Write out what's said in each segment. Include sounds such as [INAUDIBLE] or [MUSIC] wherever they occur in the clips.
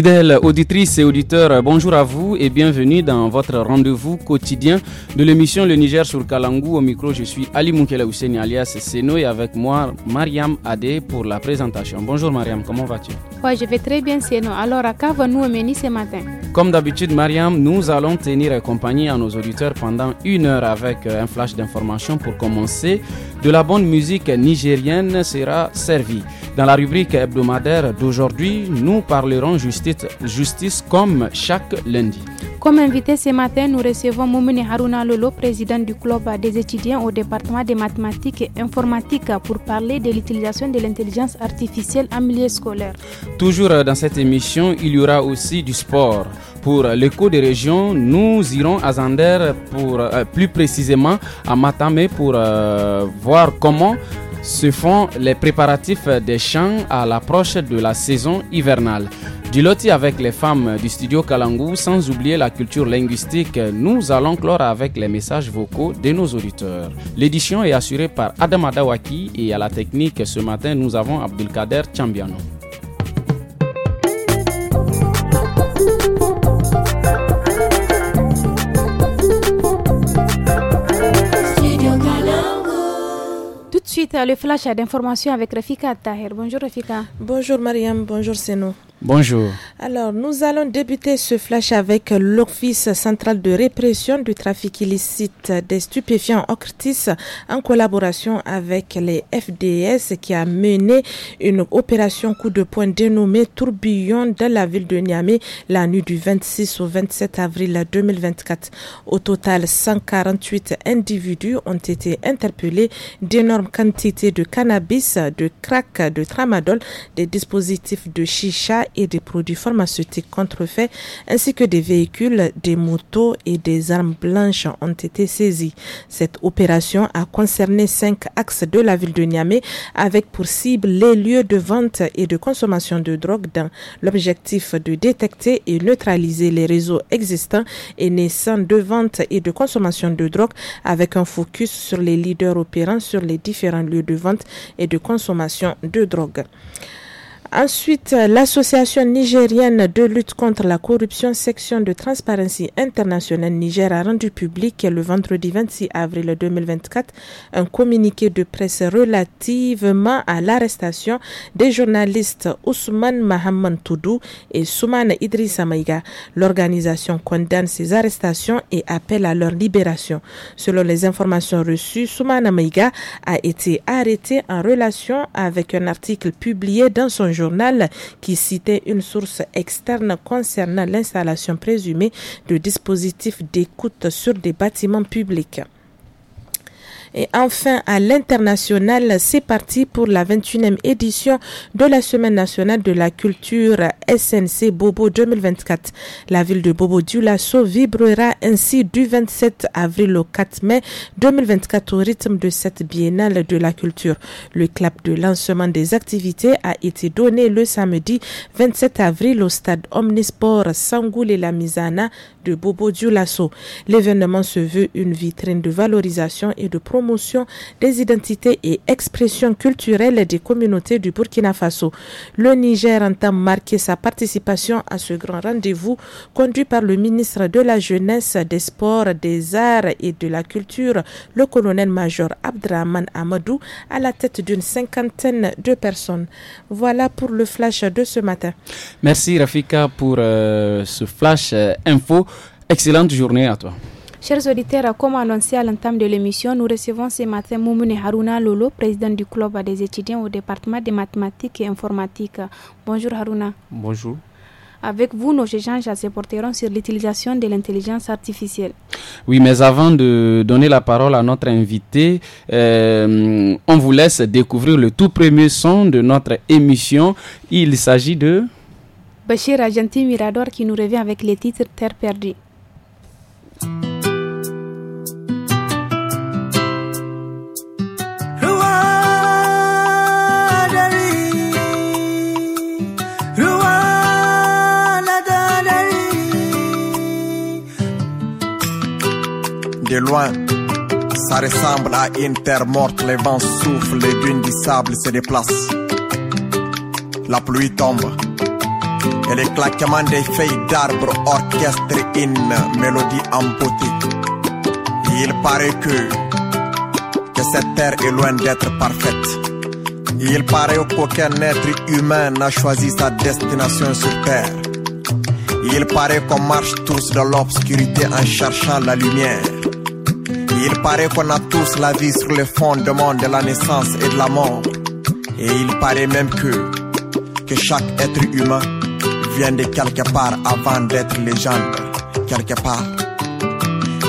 Fidèles auditrices et auditeurs, bonjour à vous et bienvenue dans votre rendez-vous quotidien de l'émission Le Niger sur Kalangou. Au micro, je suis Ali Moukela alias Seno et avec moi Mariam Adé pour la présentation. Bonjour Mariam, comment vas-tu Oui, je vais très bien Seno. Alors, à quoi nous mener ce matin Comme d'habitude Mariam, nous allons tenir compagnie à nos auditeurs pendant une heure avec euh, un flash d'information pour commencer de la bonne musique nigérienne sera servie. Dans la rubrique hebdomadaire d'aujourd'hui, nous parlerons justice, justice comme chaque lundi. Comme invité ce matin, nous recevons Moumine Haruna Lolo, président du club des étudiants au département des mathématiques et informatiques, pour parler de l'utilisation de l'intelligence artificielle en milieu scolaire. Toujours dans cette émission, il y aura aussi du sport. Pour l'écho des régions, nous irons à Zander, pour, euh, plus précisément à Matame, pour euh, voir comment ce font les préparatifs des chants à l'approche de la saison hivernale. Du avec les femmes du studio Kalangu, sans oublier la culture linguistique, nous allons clore avec les messages vocaux de nos auditeurs. L'édition est assurée par Adam Adawaki et à la technique ce matin nous avons Abdelkader Chambiano. suite le flash d'informations avec Rafika Tahir Bonjour Rafika. Bonjour Mariam, bonjour Seno. Bonjour. Alors, nous allons débuter ce flash avec l'Office central de répression du trafic illicite des stupéfiants Octis en collaboration avec les FDS qui a mené une opération coup de poing dénommée Tourbillon dans la ville de Niamey la nuit du 26 au 27 avril 2024. Au total, 148 individus ont été interpellés d'énormes quantités de cannabis, de crack, de tramadol, des dispositifs de chicha et des produits pharmaceutiques contrefaits, ainsi que des véhicules, des motos et des armes blanches ont été saisis. Cette opération a concerné cinq axes de la ville de Niamey, avec pour cible les lieux de vente et de consommation de drogue dans l'objectif de détecter et neutraliser les réseaux existants et naissants de vente et de consommation de drogue, avec un focus sur les leaders opérants sur les différents lieux de vente et de consommation de drogue. Ensuite, l'association nigérienne de lutte contre la corruption section de transparence internationale Niger a rendu public le vendredi 26 avril 2024 un communiqué de presse relativement à l'arrestation des journalistes Ousmane Mahamman Toudou et Soumane Idrissa Maïga. L'organisation condamne ces arrestations et appelle à leur libération. Selon les informations reçues, Soumane Maïga a été arrêté en relation avec un article publié dans son journal journal qui citait une source externe concernant l'installation présumée de dispositifs d'écoute sur des bâtiments publics. Et enfin, à l'international, c'est parti pour la 21e édition de la Semaine nationale de la culture SNC Bobo 2024. La ville de Bobo Dioulasso vibrera ainsi du 27 avril au 4 mai 2024 au rythme de cette biennale de la culture. Le clap de lancement des activités a été donné le samedi 27 avril au stade Omnisport Sangoul et la Misana de Bobo Dioulasso. L'événement se veut une vitrine de valorisation et de promotion des identités et expressions culturelles des communautés du Burkina Faso. Le Niger entend marquer sa participation à ce grand rendez-vous conduit par le ministre de la Jeunesse, des Sports, des Arts et de la Culture, le colonel-major Abdraman Amadou, à la tête d'une cinquantaine de personnes. Voilà pour le flash de ce matin. Merci Rafika pour euh, ce flash euh, info. Excellente journée à toi. Chers auditeurs, comme annoncé à l'entame de l'émission, nous recevons ce matin Moumune Haruna Lolo, président du club des étudiants au département des mathématiques et informatiques. Bonjour Haruna. Bonjour. Avec vous, nos échanges se porteront sur l'utilisation de l'intelligence artificielle. Oui, mais avant de donner la parole à notre invité, euh, on vous laisse découvrir le tout premier son de notre émission. Il s'agit de... Bachir Agenti Mirador qui nous revient avec les titres Terre perdue de loin. Ça ressemble à une terre morte, les vents soufflent, les dunes du sable se déplacent. La pluie tombe et les claquements des feuilles d'arbres orchestrent une mélodie en il paraît que, que cette terre est loin d'être parfaite. il paraît qu'aucun être humain n'a choisi sa destination sur terre. il paraît qu'on marche tous dans l'obscurité en cherchant la lumière. il paraît qu'on a tous la vie sur le fondement de la naissance et de la mort. Et il paraît même que, que chaque être humain viens de quelque part avant d'être légende, quelque part.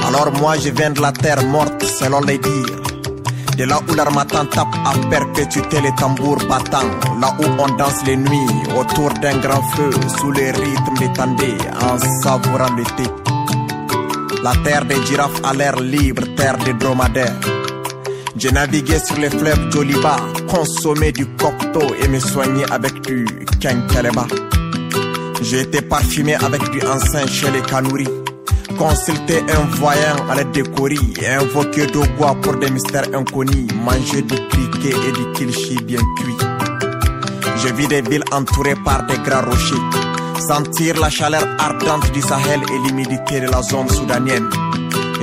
Alors moi je viens de la terre morte selon les dires. De là où l'armatan tape à perpétuer les tambours battants, là où on danse les nuits autour d'un grand feu sous les rythme des en savourant le thé La terre des girafes à l'air libre, terre des dromadaires. J'ai navigué sur les fleuves d'Oliba consommé du cocteau et me soigner avec du quinquelba. J'ai été parfumé avec du enceinte chez les Kanouris. Consulté un voyant à la décorie, Invoqué de bois pour des mystères inconnus, manger du criquet et du kilchi bien cuit. Je vis des villes entourées par des grands rochers, sentir la chaleur ardente du Sahel et l'humidité de la zone soudanienne.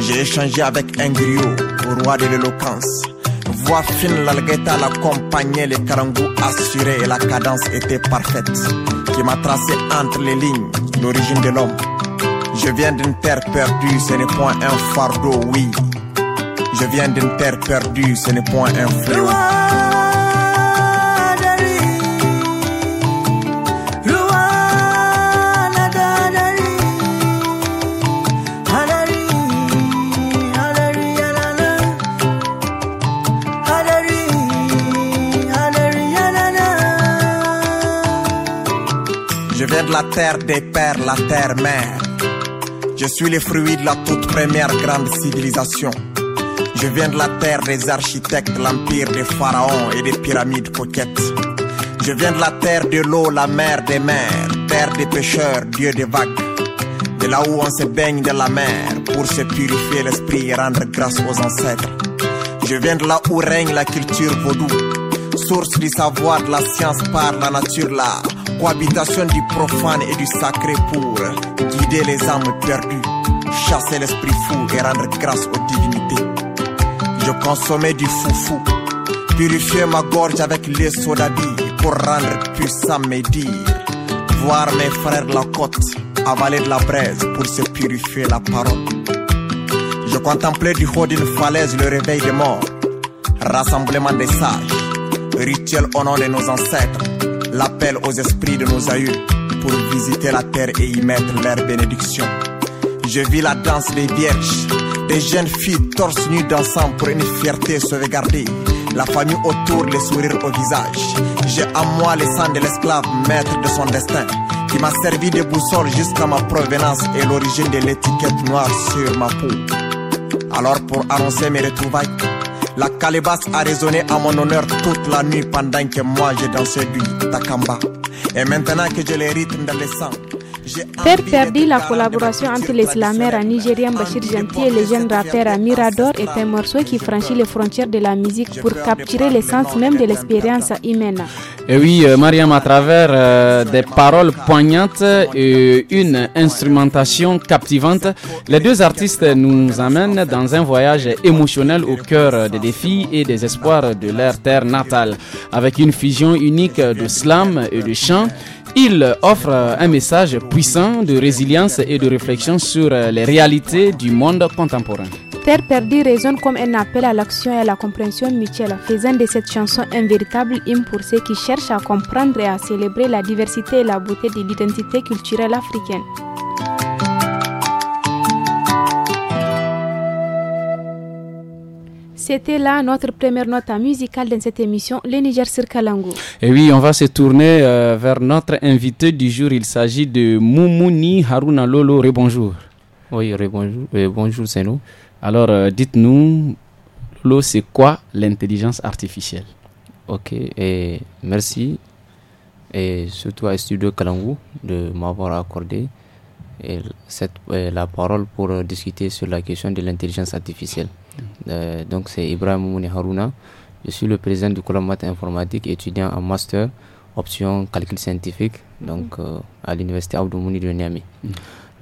J'ai échangé avec un griot, roi de l'éloquence. Voix fine, l'algueta l'accompagnait, les carangos assurés et la cadence était parfaite qui m'a tracé entre les lignes l'origine de l'homme. Je viens d'une terre perdue, ce n'est point un fardeau, oui. Je viens d'une terre perdue, ce n'est point un fléau. la terre des pères, la terre mère. Je suis le fruit de la toute première grande civilisation. Je viens de la terre des architectes, l'empire des pharaons et des pyramides coquettes. Je viens de la terre de l'eau, la mer des mers, terre des pêcheurs, dieu des vagues. De là où on se baigne de la mer pour se purifier l'esprit et rendre grâce aux ancêtres. Je viens de là où règne la culture vaudou, source du savoir, de la science par la nature, l'art cohabitation du profane et du sacré pour guider les âmes perdues, chasser l'esprit fou et rendre grâce aux divinités. Je consommais du foufou, purifier ma gorge avec les sodabi pour rendre puissant mes dires. Voir mes frères la côte, avaler de la braise pour se purifier la parole. Je contemplais du haut d'une falaise le réveil des morts, rassemblement des sages, rituel au nom de nos ancêtres l'appel aux esprits de nos aïeux pour visiter la terre et y mettre leur bénédiction. Je vis la danse des vierges, des jeunes filles torse nues dansant pour une fierté sauvegardée. La famille autour, les sourires au visage. J'ai à moi le sang de l'esclave, maître de son destin, qui m'a servi de boussole jusqu'à ma provenance et l'origine de l'étiquette noire sur ma peau. Alors pour annoncer mes retrouvailles, la calebasse a résonné à mon honneur toute la nuit pendant que moi j'ai dansé du takamba. Et maintenant que j'ai les rythmes dans les sangs. Faire perdit la collaboration entre les à Nigéria, Bachir Gentil et les jeunes rappeurs à Mirador est un morceau qui franchit les frontières de la musique pour capturer l'essence même de l'expérience humaine. Et oui, euh, Mariam, à travers euh, des paroles poignantes et une instrumentation captivante, les deux artistes nous amènent dans un voyage émotionnel au cœur des défis et des espoirs de leur terre natale, avec une fusion unique de slam et de chant. Il offre un message puissant de résilience et de réflexion sur les réalités du monde contemporain. Terre perdue résonne comme un appel à l'action et à la compréhension mutuelle, faisant de cette chanson un véritable hymne pour ceux qui cherchent à comprendre et à célébrer la diversité et la beauté de l'identité culturelle africaine. C'était là notre première note musicale dans cette émission, le Niger sur Kalangu. Et oui, on va se tourner euh, vers notre invité du jour. Il s'agit de Moumouni Haruna Lolo. Rebonjour. Oui, rebonjour, euh, bonjour, c'est nous. Alors, euh, dites-nous, Lolo, c'est quoi l'intelligence artificielle Ok, et merci. Et surtout à Studio Kalangu de m'avoir accordé la parole pour discuter sur la question de l'intelligence artificielle. Euh, donc c'est Ibrahim Mouni Harouna. Je suis le président du cours maths informatique, étudiant en master option calcul scientifique, donc mhm. euh, à l'université Abdou Mouni de Niamey.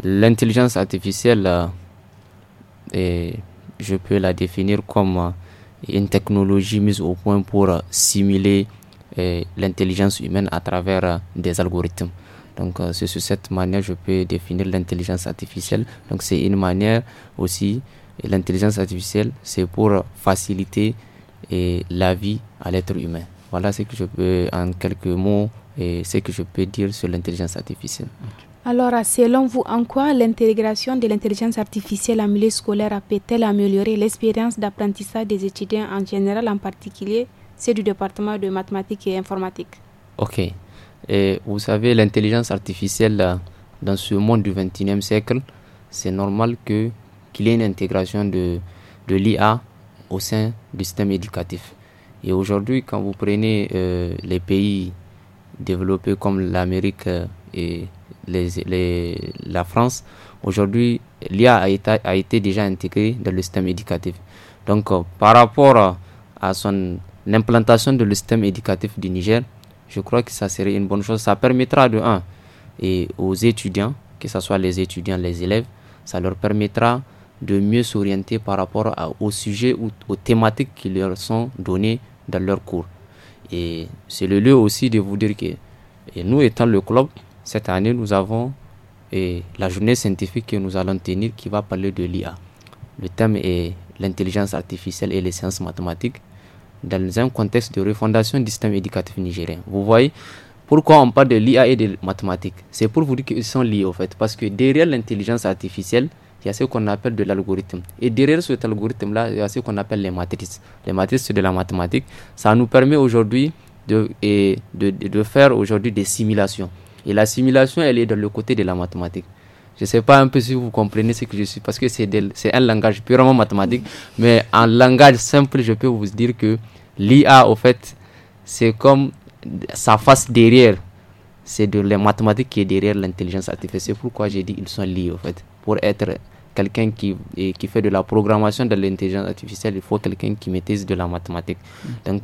L'intelligence artificielle, et euh, je peux la définir comme une technologie mise au point pour simuler l'intelligence humaine à travers des algorithmes. Donc c'est sur cette manière je peux définir l'intelligence artificielle. Donc c'est une manière aussi et l'intelligence artificielle, c'est pour faciliter la vie à l'être humain. Voilà ce que je peux, en quelques mots, et ce que je peux dire sur l'intelligence artificielle. Alors, selon vous, en quoi l'intégration de l'intelligence artificielle en milieu scolaire peut-elle améliorer l'expérience d'apprentissage des étudiants en général, en particulier ceux du département de mathématiques et informatique Ok. Et vous savez, l'intelligence artificielle, dans ce monde du 21 siècle, c'est normal que qu'il y ait une intégration de, de l'IA au sein du système éducatif. Et aujourd'hui, quand vous prenez euh, les pays développés comme l'Amérique euh, et les, la France, aujourd'hui, l'IA a été, déjà intégrée dans le système éducatif. Donc, euh, par rapport à son l'implantation de le système éducatif du Niger, je crois que ça serait une bonne chose. Ça permettra de un et aux étudiants, que ce soit les étudiants, les élèves, ça leur permettra de mieux s'orienter par rapport aux sujets ou aux thématiques qui leur sont données dans leurs cours. Et c'est le lieu aussi de vous dire que nous étant le club, cette année nous avons et la journée scientifique que nous allons tenir qui va parler de l'IA. Le thème est l'intelligence artificielle et les sciences mathématiques dans un contexte de refondation du système éducatif nigérien. Vous voyez pourquoi on parle de l'IA et des mathématiques C'est pour vous dire qu'ils sont liés au fait, parce que derrière l'intelligence artificielle, il y a ce qu'on appelle de l'algorithme. Et derrière cet algorithme-là, il y a ce qu'on appelle les matrices. Les matrices de la mathématique, ça nous permet aujourd'hui de, et de, de faire aujourd'hui des simulations. Et la simulation, elle est dans le côté de la mathématique. Je ne sais pas un peu si vous comprenez ce que je suis, parce que c'est un langage purement mathématique, mais en langage simple, je peux vous dire que l'IA, au fait, c'est comme sa face derrière. C'est de la mathématique qui est derrière l'intelligence artificielle. C'est pourquoi j'ai dit qu'ils sont liés, au fait, pour être quelqu'un qui, qui fait de la programmation de l'intelligence artificielle, il faut quelqu'un qui maîtrise de la mathématique. Mm. Donc,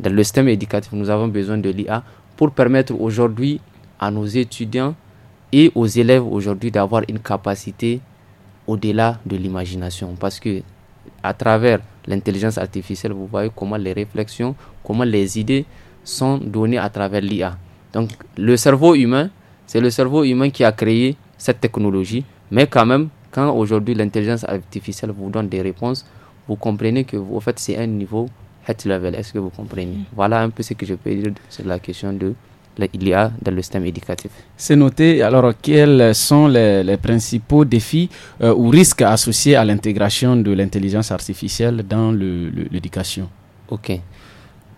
dans le système éducatif, nous avons besoin de l'IA pour permettre aujourd'hui à nos étudiants et aux élèves aujourd'hui d'avoir une capacité au-delà de l'imagination. Parce que à travers l'intelligence artificielle, vous voyez comment les réflexions, comment les idées sont données à travers l'IA. Donc le cerveau humain, c'est le cerveau humain qui a créé cette technologie, mais quand même, quand aujourd'hui l'intelligence artificielle vous donne des réponses, vous comprenez que en fait, c'est un niveau head level. Est-ce que vous comprenez mm. Voilà un peu ce que je peux dire sur la question de l'IA dans le système éducatif. C'est noté. Alors, quels sont les, principaux défis euh, ou risques associés à l'intégration de l'intelligence artificielle dans l'éducation Ok.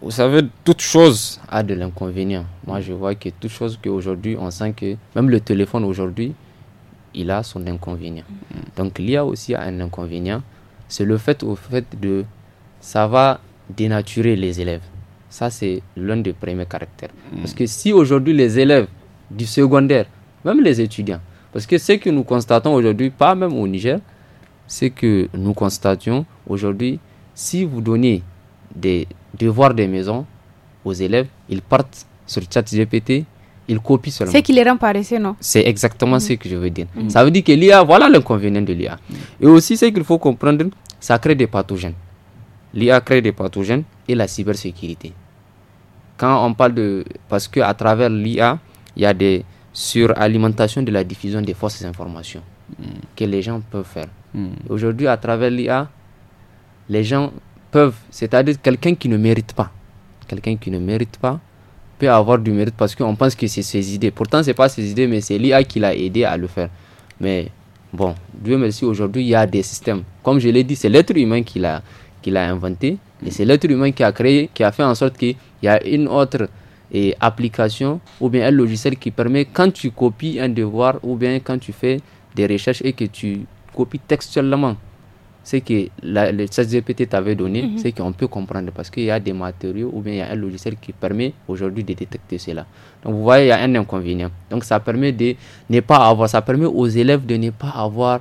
Vous savez, toute chose a de l'inconvénient. Moi, je vois que toute chose qu'aujourd'hui, on sent que même le téléphone aujourd'hui, il a son inconvénient. Donc il y a aussi un inconvénient, c'est le fait au fait de ça va dénaturer les élèves. Ça c'est l'un des premiers caractères. Mm. Parce que si aujourd'hui les élèves du secondaire, même les étudiants, parce que ce que nous constatons aujourd'hui, pas même au Niger, c'est que nous constations aujourd'hui, si vous donnez des devoirs de maison aux élèves, ils partent sur ChatGPT, il copie seulement. C'est qu'il les rend paresseux, non C'est exactement ce que je veux dire. Mm. Ça veut dire que l'IA, voilà l'inconvénient de l'IA. Mm. Et aussi, ce qu'il faut comprendre, ça crée des pathogènes. L'IA crée des pathogènes et la cybersécurité. Quand on parle de. Parce qu'à travers l'IA, il y a des suralimentations de la diffusion des fausses informations mm. que les gens peuvent faire. Aujourd'hui, à travers l'IA, les gens peuvent. C'est-à-dire quelqu'un qui ne mérite pas. Quelqu'un qui ne mérite pas avoir du mérite parce qu'on pense que c'est ses idées. Pourtant, c'est pas ses idées, mais c'est l'IA qui l'a aidé à le faire. Mais bon, Dieu merci, aujourd'hui, il y a des systèmes. Comme je l'ai dit, c'est l'être humain qui l'a, qui l'a inventé. Et c'est l'être humain qui a créé, qui a fait en sorte qu'il y a une autre eh, application ou bien un logiciel qui permet quand tu copies un devoir ou bien quand tu fais des recherches et que tu copies textuellement ce que le ChatGPT t'avait donné, mhm. c'est qu'on peut comprendre parce qu'il y a des matériaux ou bien il y a un logiciel qui permet aujourd'hui de détecter cela. Donc vous voyez, il y a un inconvénient. Donc ça permet de ne pas avoir, ça permet aux élèves de ne pas avoir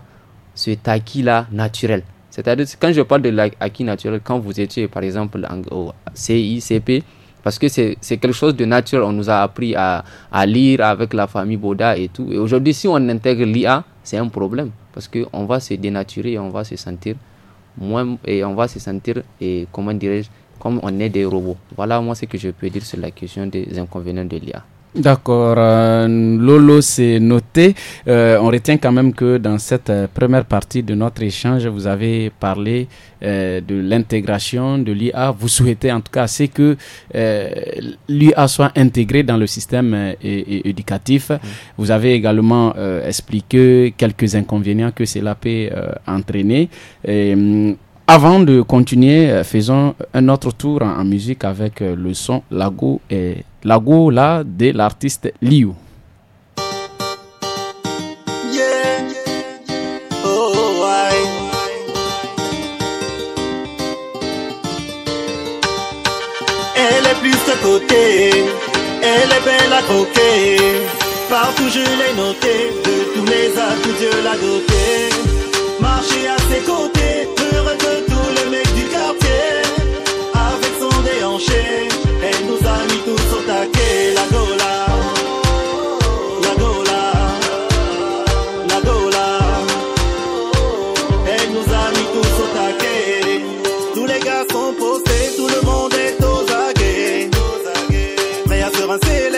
cet acquis-là naturel. C'est-à-dire, quand je parle de l'acquis naturel, quand vous étiez par exemple au CICP, parce que c'est quelque chose de naturel, on nous a appris à, lire avec la famille Boda et tout. Et aujourd'hui, si on intègre l'IA, c'est un problème parce qu'on va se dénaturer et on va se sentir moins et on va se sentir et comment dirais comme on est des robots. Voilà moi ce que je peux dire sur la question des inconvénients de l'IA. D'accord, euh, Lolo, s'est noté. Euh, on retient quand même que dans cette euh, première partie de notre échange, vous avez parlé de l'intégration de l'IA. Vous souhaitez en tout cas c'est que l'IA soit intégrée dans le système éducatif. Mmh. Vous avez également expliqué quelques inconvénients que cela peut entraîner. Et, hum, avant de continuer, faisons un autre tour en, en musique avec le son Lago et la gola de l'artiste Liu. elle est Côté. Elle est belle à côté Partout je l'ai notée, de tous mes atouts de l'a dotée. Marcher à ses côtés. i am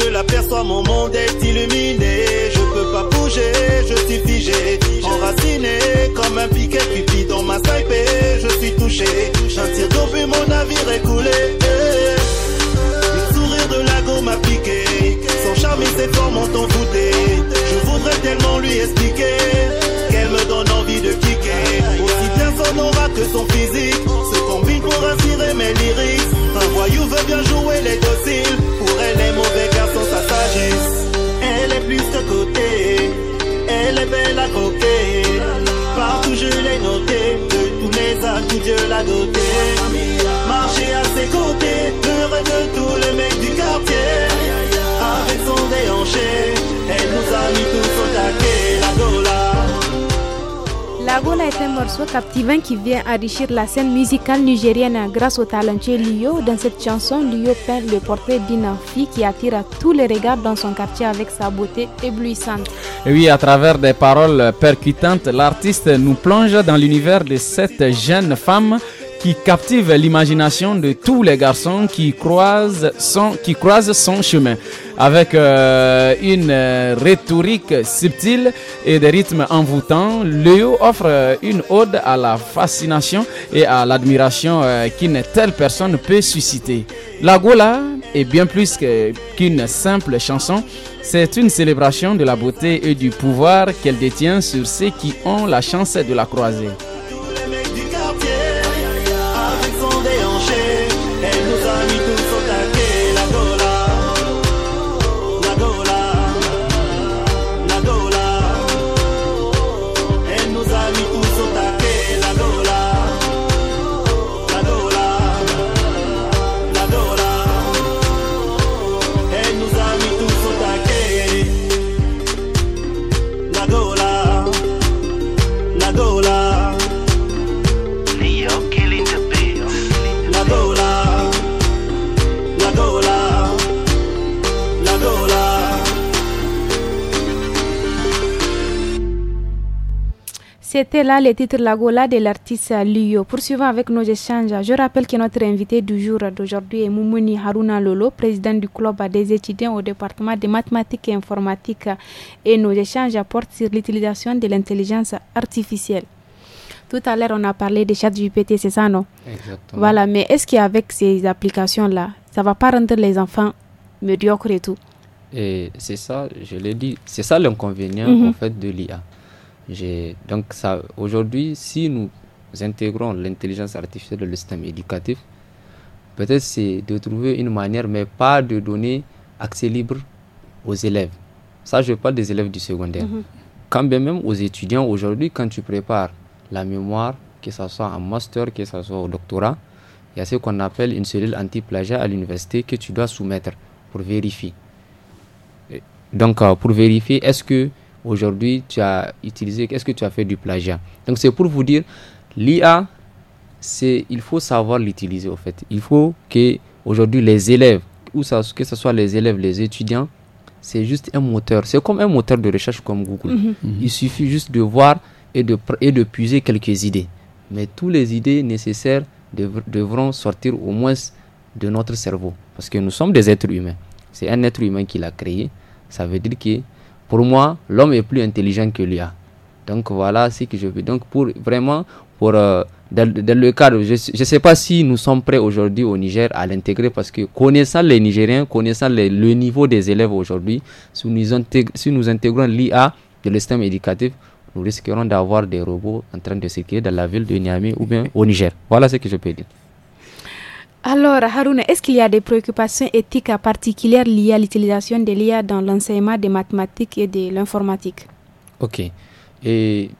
je l'aperçois, mon monde est illuminé. Je peux pas bouger, je suis figé, enraciné comme un piquet pipi dans ma snipe. Je suis touché, j'en tire mon navire est coulé. Le sourire de Lago m'a piqué, son charme et ses formes ont envoûté. Je voudrais tellement lui expliquer qu'elle me donne envie de kicker. On aura que son physique Se combine pour inspirer mes lyrics Un voyou veut bien jouer les dociles Pour elle les mauvais garçons ça s'agisse Elle est plus à côté Elle est belle à côté Partout je l'ai notée De tous mes âges Dieu l'a dotée Marcher à ses côtés Heureux de tous les mecs du quartier Avec son déhanché Lagola est un morceau captivant qui vient enrichir la scène musicale nigérienne grâce au talentier Lio. Dans cette chanson, Lio peint le portrait d'une fille qui attire tous les regards dans son quartier avec sa beauté éblouissante. Et oui, à travers des paroles percutantes, l'artiste nous plonge dans l'univers de cette jeune femme qui captive l'imagination de tous les garçons qui croisent son, qui croisent son chemin. Avec euh, une euh, rhétorique subtile et des rythmes envoûtants, Léo offre euh, une ode à la fascination et à l'admiration qu'une telle personne peut susciter. La Gola est bien plus qu'une simple chanson, c'est une célébration de la beauté et du pouvoir qu'elle détient sur ceux qui ont la chance de la croiser. C'était là le titre l'agola de l'artiste Lio. Poursuivons avec nos échanges, je rappelle que notre invité du jour d'aujourd'hui est Moumouni Haruna Lolo, président du club des étudiants au département des mathématiques et informatiques. Et nos échanges portent sur l'utilisation de l'intelligence artificielle. Tout à l'heure, on a parlé des chats GPT, c'est ça, non Exactement. Voilà, mais est-ce qu'avec ces applications-là, ça va pas rendre les enfants médiocres et tout Et c'est ça, je l'ai dit, c'est ça l'inconvénient mhm. en fait de l'IA donc ça, aujourd'hui, si nous intégrons l'intelligence artificielle dans le système éducatif, peut-être c'est de trouver une manière, mais pas de donner accès libre aux élèves. Ça, je parle des élèves du secondaire. Mhm. Quand bien même aux étudiants, aujourd'hui, quand tu prépares la mémoire, que ce soit en master, que ce soit au doctorat, il y a ce qu'on appelle une cellule anti-plagiat à l'université que tu dois soumettre pour vérifier. Donc, euh, pour vérifier, est-ce que Aujourd'hui, tu as utilisé, qu'est-ce que tu as fait du plagiat Donc c'est pour vous dire, l'IA, c'est, il faut savoir l'utiliser au fait. Il faut que aujourd'hui les élèves, ou que ce soit les élèves, les étudiants, c'est juste un moteur. C'est comme un moteur de recherche comme Google. Mhm. Mhm. Il suffit juste de voir et de, et de puiser quelques idées. Mais toutes les idées nécessaires devront sortir au moins de notre cerveau. Parce que nous sommes des êtres humains. C'est un être humain qui l'a créé. Ça veut dire que pour moi, l'homme est plus intelligent que l'IA. Donc voilà ce que je veux. Donc pour vraiment, pour, euh, dans, le cadre, je ne sais pas si nous sommes prêts aujourd'hui au Niger à l'intégrer parce que connaissant les Nigériens, connaissant le niveau des élèves aujourd'hui, si nous, intégrons l'IA de système éducatif, nous risquerons d'avoir des robots en train de circuler dans la ville de Niamey ou bien au Niger. Voilà ce que je peux dire. Alors, Haroun, est-ce qu'il y a des préoccupations éthiques particulières liées à l'utilisation de l'IA dans l'enseignement des mathématiques et de l'informatique Ok. Et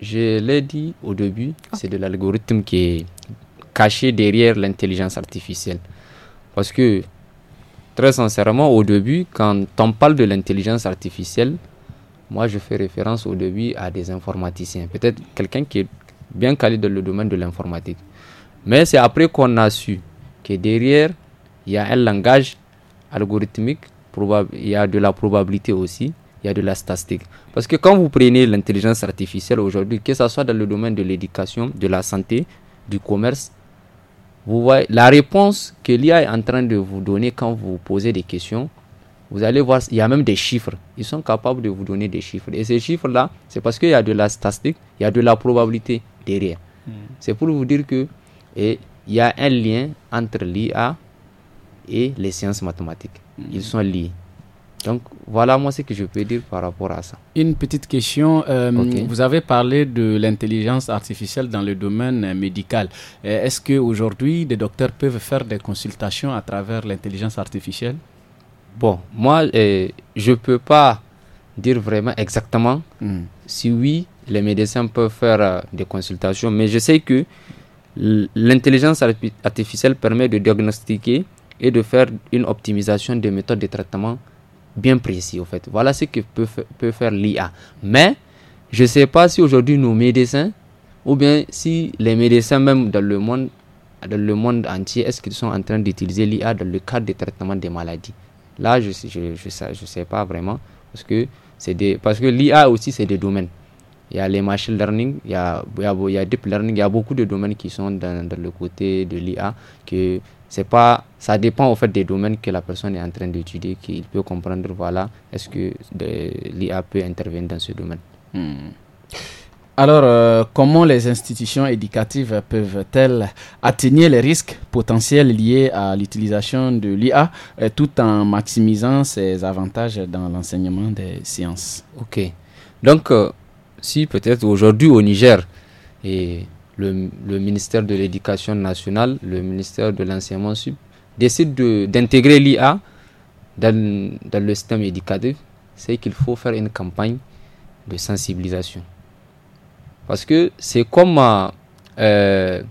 je l'ai dit au début, oh. c'est de l'algorithme qui est caché derrière l'intelligence artificielle. Parce que, très sincèrement, au début, quand on parle de l'intelligence artificielle, moi, je fais référence au début à des informaticiens. Peut-être quelqu'un qui est bien calé dans le domaine de l'informatique. Mais c'est après qu'on a su que derrière, il y a un langage algorithmique, il y a de la probabilité aussi, il y a de la statistique. Parce que quand vous prenez l'intelligence artificielle aujourd'hui, que ce soit dans le domaine de l'éducation, de la santé, du commerce, vous voyez, la réponse que l'IA est en train de vous donner quand vous posez des questions, vous allez voir, il y a même des chiffres. Ils sont capables de vous donner des chiffres. Et ces chiffres-là, c'est parce qu'il y a de la statistique, il y a de la probabilité derrière. Hmm. C'est pour vous dire que et il y a un lien entre l'IA et les sciences mathématiques. Mhm. Ils sont liés. Donc voilà moi ce que je peux dire par rapport à ça. Une petite question. Euh, vous avez parlé de l'intelligence artificielle dans le domaine euh, médical. Euh, est-ce qu'aujourd'hui, des docteurs peuvent faire des consultations à travers l'intelligence artificielle Bon, moi, je ne peux pas dire vraiment exactement hmm. si oui, les médecins peuvent faire des consultations, mais je sais que L'intelligence artificielle permet de diagnostiquer et de faire une optimisation des méthodes de traitement bien précis, au fait. Voilà ce que peut, faire l'IA. Mais je ne sais pas si aujourd'hui nos médecins, ou bien si les médecins même dans le monde, dans le monde entier, est-ce qu'ils sont en train d'utiliser l'IA dans le cadre des traitements des maladies Là, je ne je, je, sais, pas vraiment, parce que, parce que l'IA aussi, c'est des domaines il y a les machine learning, il y a, deep learning, il y a beaucoup de domaines qui sont dans, le côté de l'IA que c'est pas ça dépend en fait des domaines que la personne est en train d'étudier qu'il peut comprendre voilà est-ce que l'IA peut intervenir dans ce domaine hmm. alors euh, comment les institutions éducatives peuvent-elles atténuer les risques potentiels liés à l'utilisation de l'IA euh, tout en maximisant ses avantages dans l'enseignement des sciences ok donc euh, si peut-être aujourd'hui au Niger, et le, ministère de l'Éducation nationale, le ministère de l'Enseignement sup, décide d'intégrer l'IA dans, le système éducatif, c'est qu'il faut faire une campagne de sensibilisation. Parce que c'est comme, euh,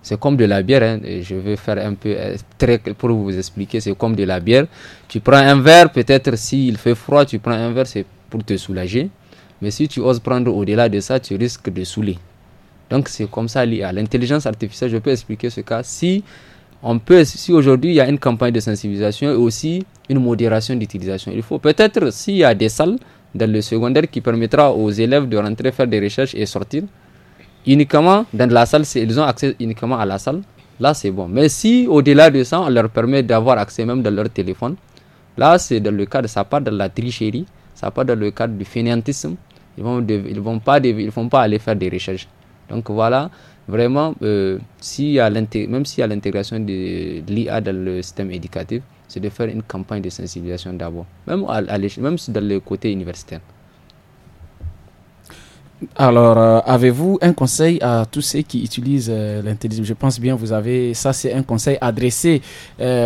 c'est comme de la bière, hein, je vais faire un peu euh, très pour vous expliquer, c'est comme de la bière. Tu prends un verre, peut-être s'il fait froid, tu prends un verre, c'est pour te soulager. Mais si tu oses prendre au-delà de ça, tu risques de saouler. Donc c'est comme ça lié à L'intelligence artificielle, je peux expliquer ce cas. Si si aujourd'hui il y a une campagne de sensibilisation et aussi une modération d'utilisation, il faut peut-être s'il y a des salles dans le secondaire qui permettra aux élèves de rentrer faire des recherches et sortir uniquement dans la salle, ils ont accès uniquement à la salle. Là c'est bon. Mais si au-delà de ça, on leur permet d'avoir accès même dans leur téléphone, là c'est dans le cadre, ça part de la tricherie, ça part dans le cadre du fainéantisme ils vont ils vont pas ils vont pas aller faire des recherches. Donc voilà, vraiment, euh, si même s'il y a l'intégration de, l'IA dans le système éducatif, c'est de faire une campagne de sensibilisation d'abord, même, à, même dans le côté universitaire. Alors, euh, avez-vous un conseil à tous ceux qui utilisent euh, l'intelligence Je pense bien, vous avez ça, c'est un conseil adressé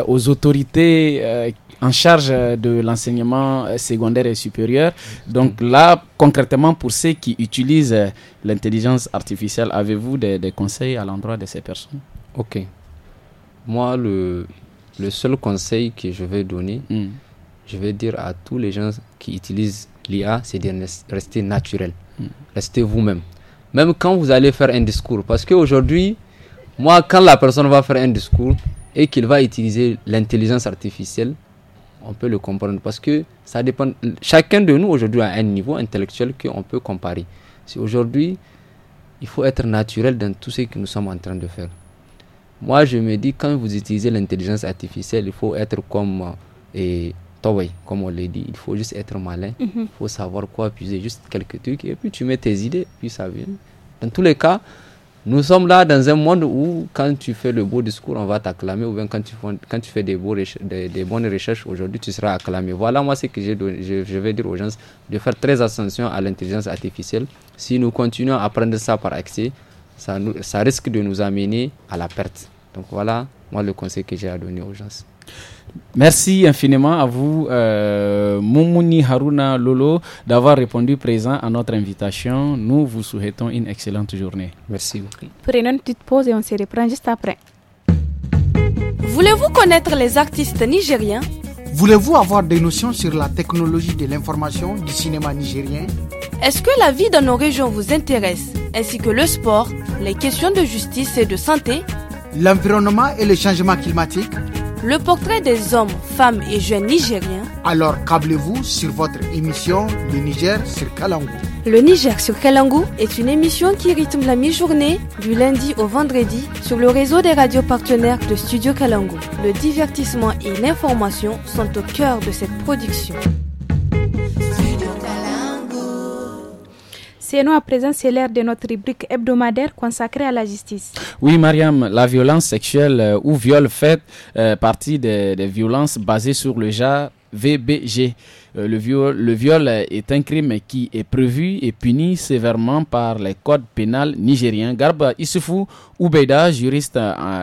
aux autorités en charge euh, de l'enseignement euh, secondaire et supérieur. Donc là, concrètement, pour ceux qui utilisent euh, l'intelligence artificielle, avez-vous des, conseils à l'endroit de ces personnes Ok. Moi, le, le seul conseil que je vais donner, hmm. je vais dire à tous les gens qui utilisent l'IA, c'est de rester naturel. Hmm. Restez vous-même. Même quand vous allez faire un discours. Parce qu'aujourd'hui, moi, quand la personne va faire un discours et qu'il va utiliser l'intelligence artificielle, on peut le comprendre parce que ça dépend. Chacun de nous aujourd'hui a un niveau intellectuel qu'on peut comparer. Si aujourd'hui, il faut être naturel dans tout ce que nous sommes en train de faire. Moi, je me dis, quand vous utilisez l'intelligence artificielle, il faut être comme euh, et, comme on l'a dit. Il faut juste être malin. Mhm. Il faut savoir quoi puiser, juste quelques trucs. Et puis tu mets tes idées, puis ça vient. Dans tous les cas, nous sommes là dans un monde où, quand tu fais le beau discours, on va t'acclamer, ou bien quand tu, quand tu fais des, beaux des, bonnes recherches, aujourd'hui, tu seras acclamé. Voilà, moi, ce que je, vais dire aux gens, de faire très attention à l'intelligence artificielle. Si nous continuons à prendre ça par accès, ça risque de nous amener à la perte. Donc voilà, moi, le conseil que j'ai à donner aux gens. Merci infiniment à vous, euh, Moumouni Haruna Lolo, d'avoir répondu présent à notre invitation. Nous vous souhaitons une excellente journée. Merci beaucoup. Prenons une petite pause et on se reprend juste après. Voulez-vous connaître les artistes nigériens Voulez-vous avoir des notions sur la technologie de l'information du cinéma nigérien Est-ce que la vie dans nos régions vous intéresse, ainsi que le sport, les questions de justice et de santé L'environnement et le changement climatique le portrait des hommes, femmes et jeunes nigériens. Alors câblez-vous sur votre émission Le Niger sur Kalango. Le Niger sur Kalangou est une émission qui rythme la mi-journée du lundi au vendredi sur le réseau des radios partenaires de Studio Kalango. Le divertissement et l'information sont au cœur de cette production. nous à présent, c'est l'heure de notre rubrique hebdomadaire consacrée à la justice. Oui, Mariam, la violence sexuelle euh, ou viol fait euh, partie des, violences basées sur le genre VBG. Euh, le, viol, le viol, est un crime qui est prévu et puni sévèrement par les codes pénal nigériens. Garba Issoufou Oubeda, juriste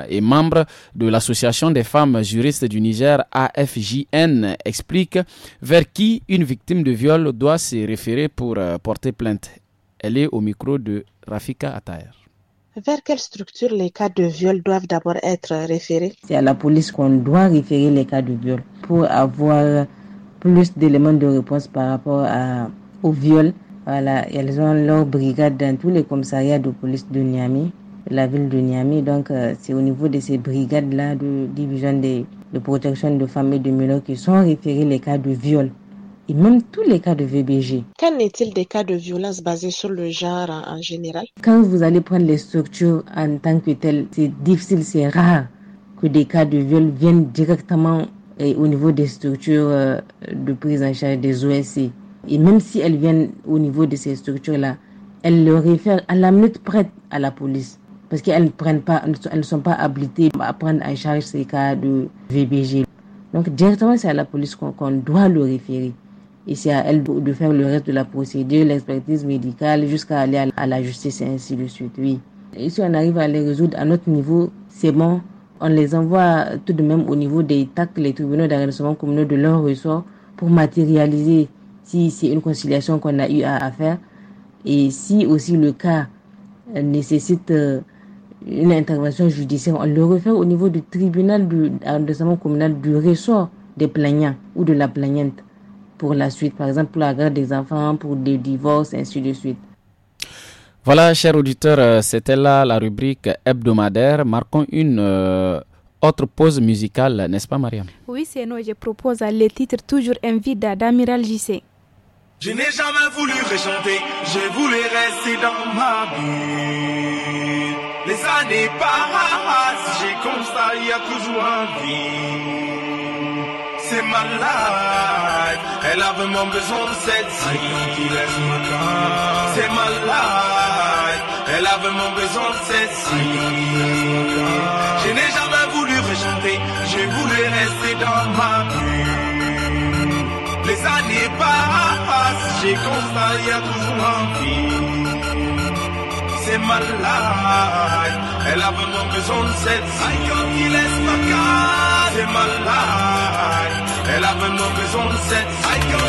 et membre de l'Association des femmes juristes du Niger, AFJN, explique vers qui une victime de viol doit se référer pour porter plainte. Elle est au micro de Rafika Ataer. Vers quelle structure les cas de viol doivent d'abord être référés C'est à la police qu'on doit référer les cas de viol pour avoir plus d'éléments de réponse par rapport à, au viol. Voilà, elles ont leur brigade dans tous les commissariats de police de Niamey, la ville de Niamey. Donc, euh, c'est au niveau de ces brigades-là de division de, protection de femmes et de mineurs qui sont référés les cas de viol et même tous les cas de VBG. Qu'en est-il des cas de violence basées sur le genre en général Quand vous allez prendre les structures en tant que telles, c'est difficile, c'est rare que des cas de viol viennent directement eh, au niveau des structures euh, de prise en charge des OSC. Et même si elles viennent au niveau de ces structures-là, elles le réfèrent à la minute prête à la police. Parce qu'elles ne prennent pas, elles ne sont pas habilitées à prendre en charge ces cas de VBG. Donc directement, c'est à la police qu'on doit le référer et c'est à elle de faire le reste de la procédure, l'expertise médicale, jusqu'à aller à la justice et ainsi de suite. Oui. Et si on arrive à les résoudre à notre niveau, c'est bon. On les envoie tout de même au niveau des TAC, les tribunaux d'arrondissement communaux de leur ressort, pour matérialiser si c'est une conciliation qu'on a eu à, faire et si aussi le cas nécessite euh, une intervention judiciaire, on le refait au niveau du tribunal d'arrondissement communal du ressort des plaignants ou de la plaignante pour la suite, par exemple pour la garde des enfants, pour des divorces, ainsi de suite. Voilà, chers auditeurs, euh, c'était là la rubrique hebdomadaire. Marquons une euh, autre pause musicale, n'est-ce pas, Mariam Oui, c'est nous. Je propose le titre Toujours Envie vide d'Amiral JC. Je n'ai jamais voulu chanter je voulais rester dans ma vie Les années passent, j'ai constaté, il y a toujours un vide my life. Elle avait mon besoin de cette I qui laisse C'est ma life. Elle avait mon besoin de cette I Je n'ai jamais voulu rejeter, J'ai voulu rester dans ma vie Les années passent. J'ai qu'il y a toujours envie. C'est ma life. Elle avait mon besoin de cette I qui laisse C'est ma life. Elle a vraiment besoin de sexe. I can't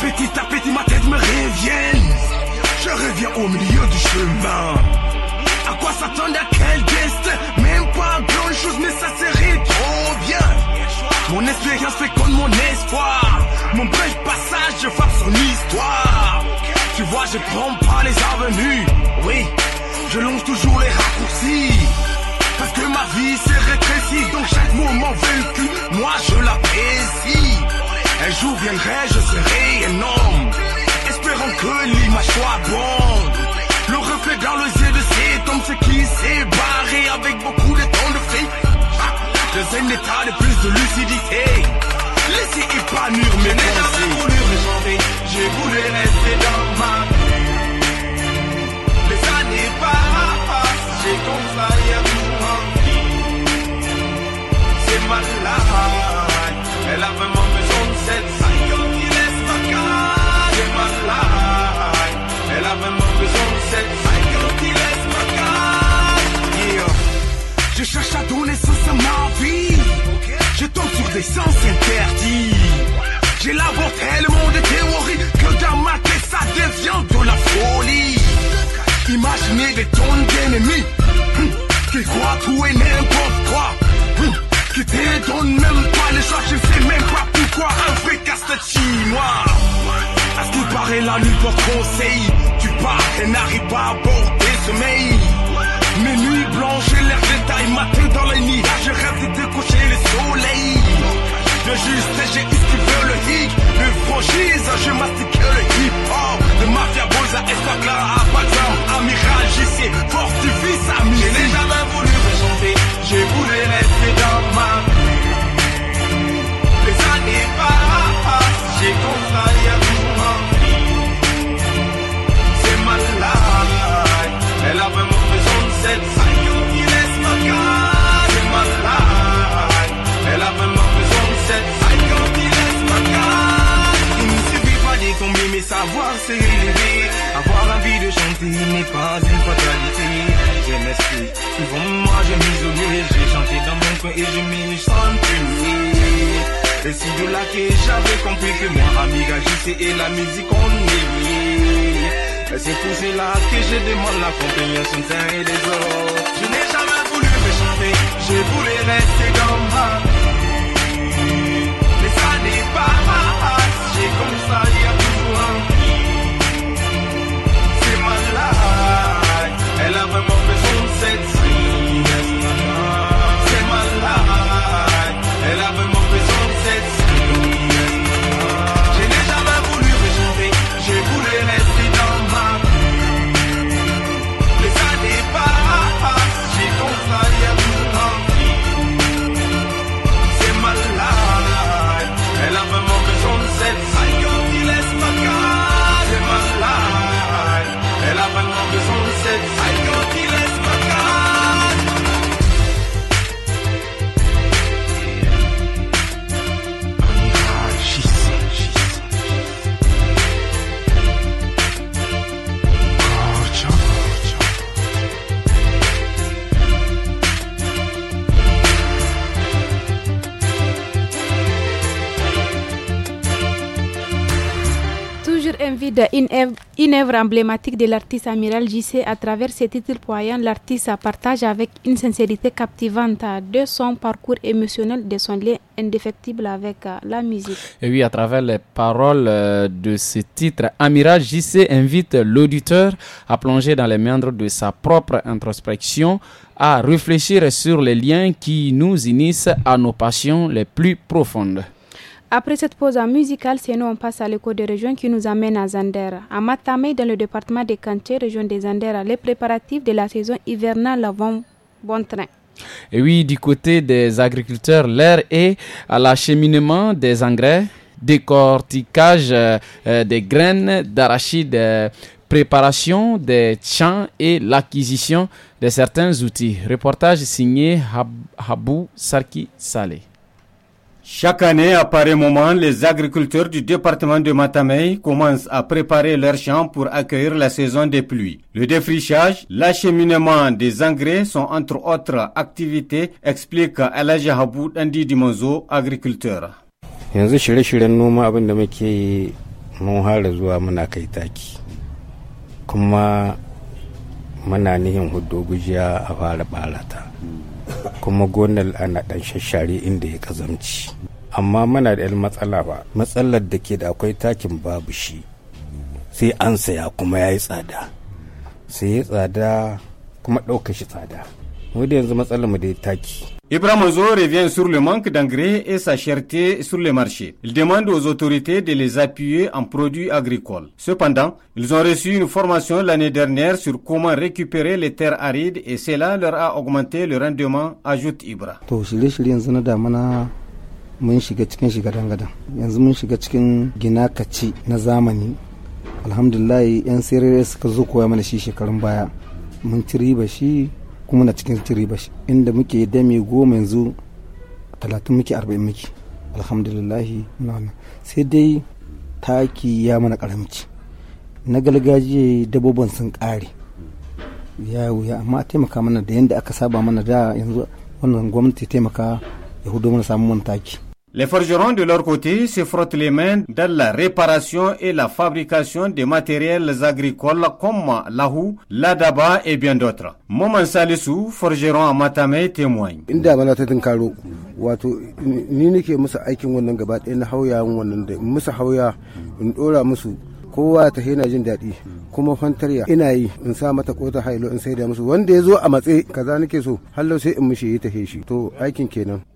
Petit à petit, ma tête me revient. Je reviens au milieu du chemin. À quoi s'attendre à quel geste Même pas grand chose, mais ça serait trop bien. Mon expérience fait comme mon espoir. Mon bref passage, je frappe son histoire. Tu vois, je prends pas les avenues. Oui, je longe toujours les raccourcis. La vie s'est rétrécie, donc chaque moment vécu, moi je l'apprécie. Un jour viendrai, je serai énorme, homme, espérant que l'image soit bonne. Le reflet dans le yeux de cet homme, Ce qui s'est barré avec beaucoup de temps de fille. Ah, deuxième état de plus de lucidité, laissez épanouir mes c'est sens interdit. J'ai le tellement de théories que dans ma tête ça devient de la folie. Imaginez des tonnes d'ennemis hum, qui croient tout et n'importe quoi. Hum, qui te donnent même pas les choix, je sais même pas pourquoi un vrai casse chinois. À ce qu'il paraît la nuit pour conseil, tu pars et n'arrives pas à porter sommeil. Mes nuits blanches et l'air détail, matin dans les nids, je rêve de coucher le soleil. juste juste, j'ai veut, le hic, le franchise, je mastique le hip hop. De mafia boys à Espaclara, à Paxam, amiral, JC, fortifie sa musique. Je n'ai jamais voulu chanter, j'ai voulu rester dans ma vie. Les années pas. j'ai contrarié. n'est n'est pas une fatalité. m'excuse, souvent moi je m'isolais, j'ai chanté dans mon coin et je m'y suis plus. C'est si de là que j'avais compris que moi, ami agissait et la musique on est Et c'est pour cela que je demande la compréhension et des autres. Je n'ai jamais voulu me chanter, je voulais rester dans ma vie. Mais ça n'est pas ma race, j'ai comme ça. une œuvre, emblématique de l'artiste Amiral JC, à travers ses titres poignants, l'artiste partage avec une sincérité captivante de son parcours émotionnel, de son lien indéfectible avec euh, la musique. Et oui, à travers les paroles euh, de ce titre, Amiral JC invite l'auditeur à plonger dans les méandres de sa propre introspection, à réfléchir sur les liens qui nous unissent à nos passions les plus profondes. Après cette pause musicale, c'est nous on passe à l'écho des régions qui nous amène à Zander. À Matamé dans le département des Cantiers, région des Zander, les préparatifs de la saison hivernale vont bon train. Et oui, du côté des agriculteurs, l'air est à l'acheminement des engrais, décortiquage euh, euh, des graines d'arachide, euh, préparation des champs et l'acquisition de certains outils. Reportage signé Habou Sarki Saleh. Chaque année, à pareil moment, les agriculteurs du département de Matamei commencent à préparer leurs champs pour accueillir la saison des pluies. Le défrichage, l'acheminement des engrais sont entre autres activités, explique Alaja Habou Dandi agriculteur. kuma gonar ana ɗan shashare inda ya kazamci amma muna da matsala ba matsalar da ke da akwai takin babu shi sai an saya kuma ya yi tsada sai ya tsada kuma ɗauka shi tsada mu da yanzu matsalar mu da taki Ibrahim revient sur le manque d'engrais et sa cherté sur les marchés. Il demande aux autorités de les appuyer en produits agricoles. Cependant, ils ont reçu une formation l'année dernière sur comment récupérer les terres arides et cela leur a augmenté le rendement, ajoute Ibra. kuma na cikin cin shi inda muke dame goma yanzu talatin muke arba'in muke alhamdulillahi na sai dai taki ya mana karamci na gargajiya dabobin sun kare ya wuya amma a taimaka mana da yadda aka saba mana da yanzu wannan gwamnati taimaka ya hudu mana samun taki Les forgerons de leur côté se frottent les mains dans la réparation et la fabrication des matériels agricoles comme la la daba et bien d'autres. Maman Salisu, forgeron à Matame, témoigne. musu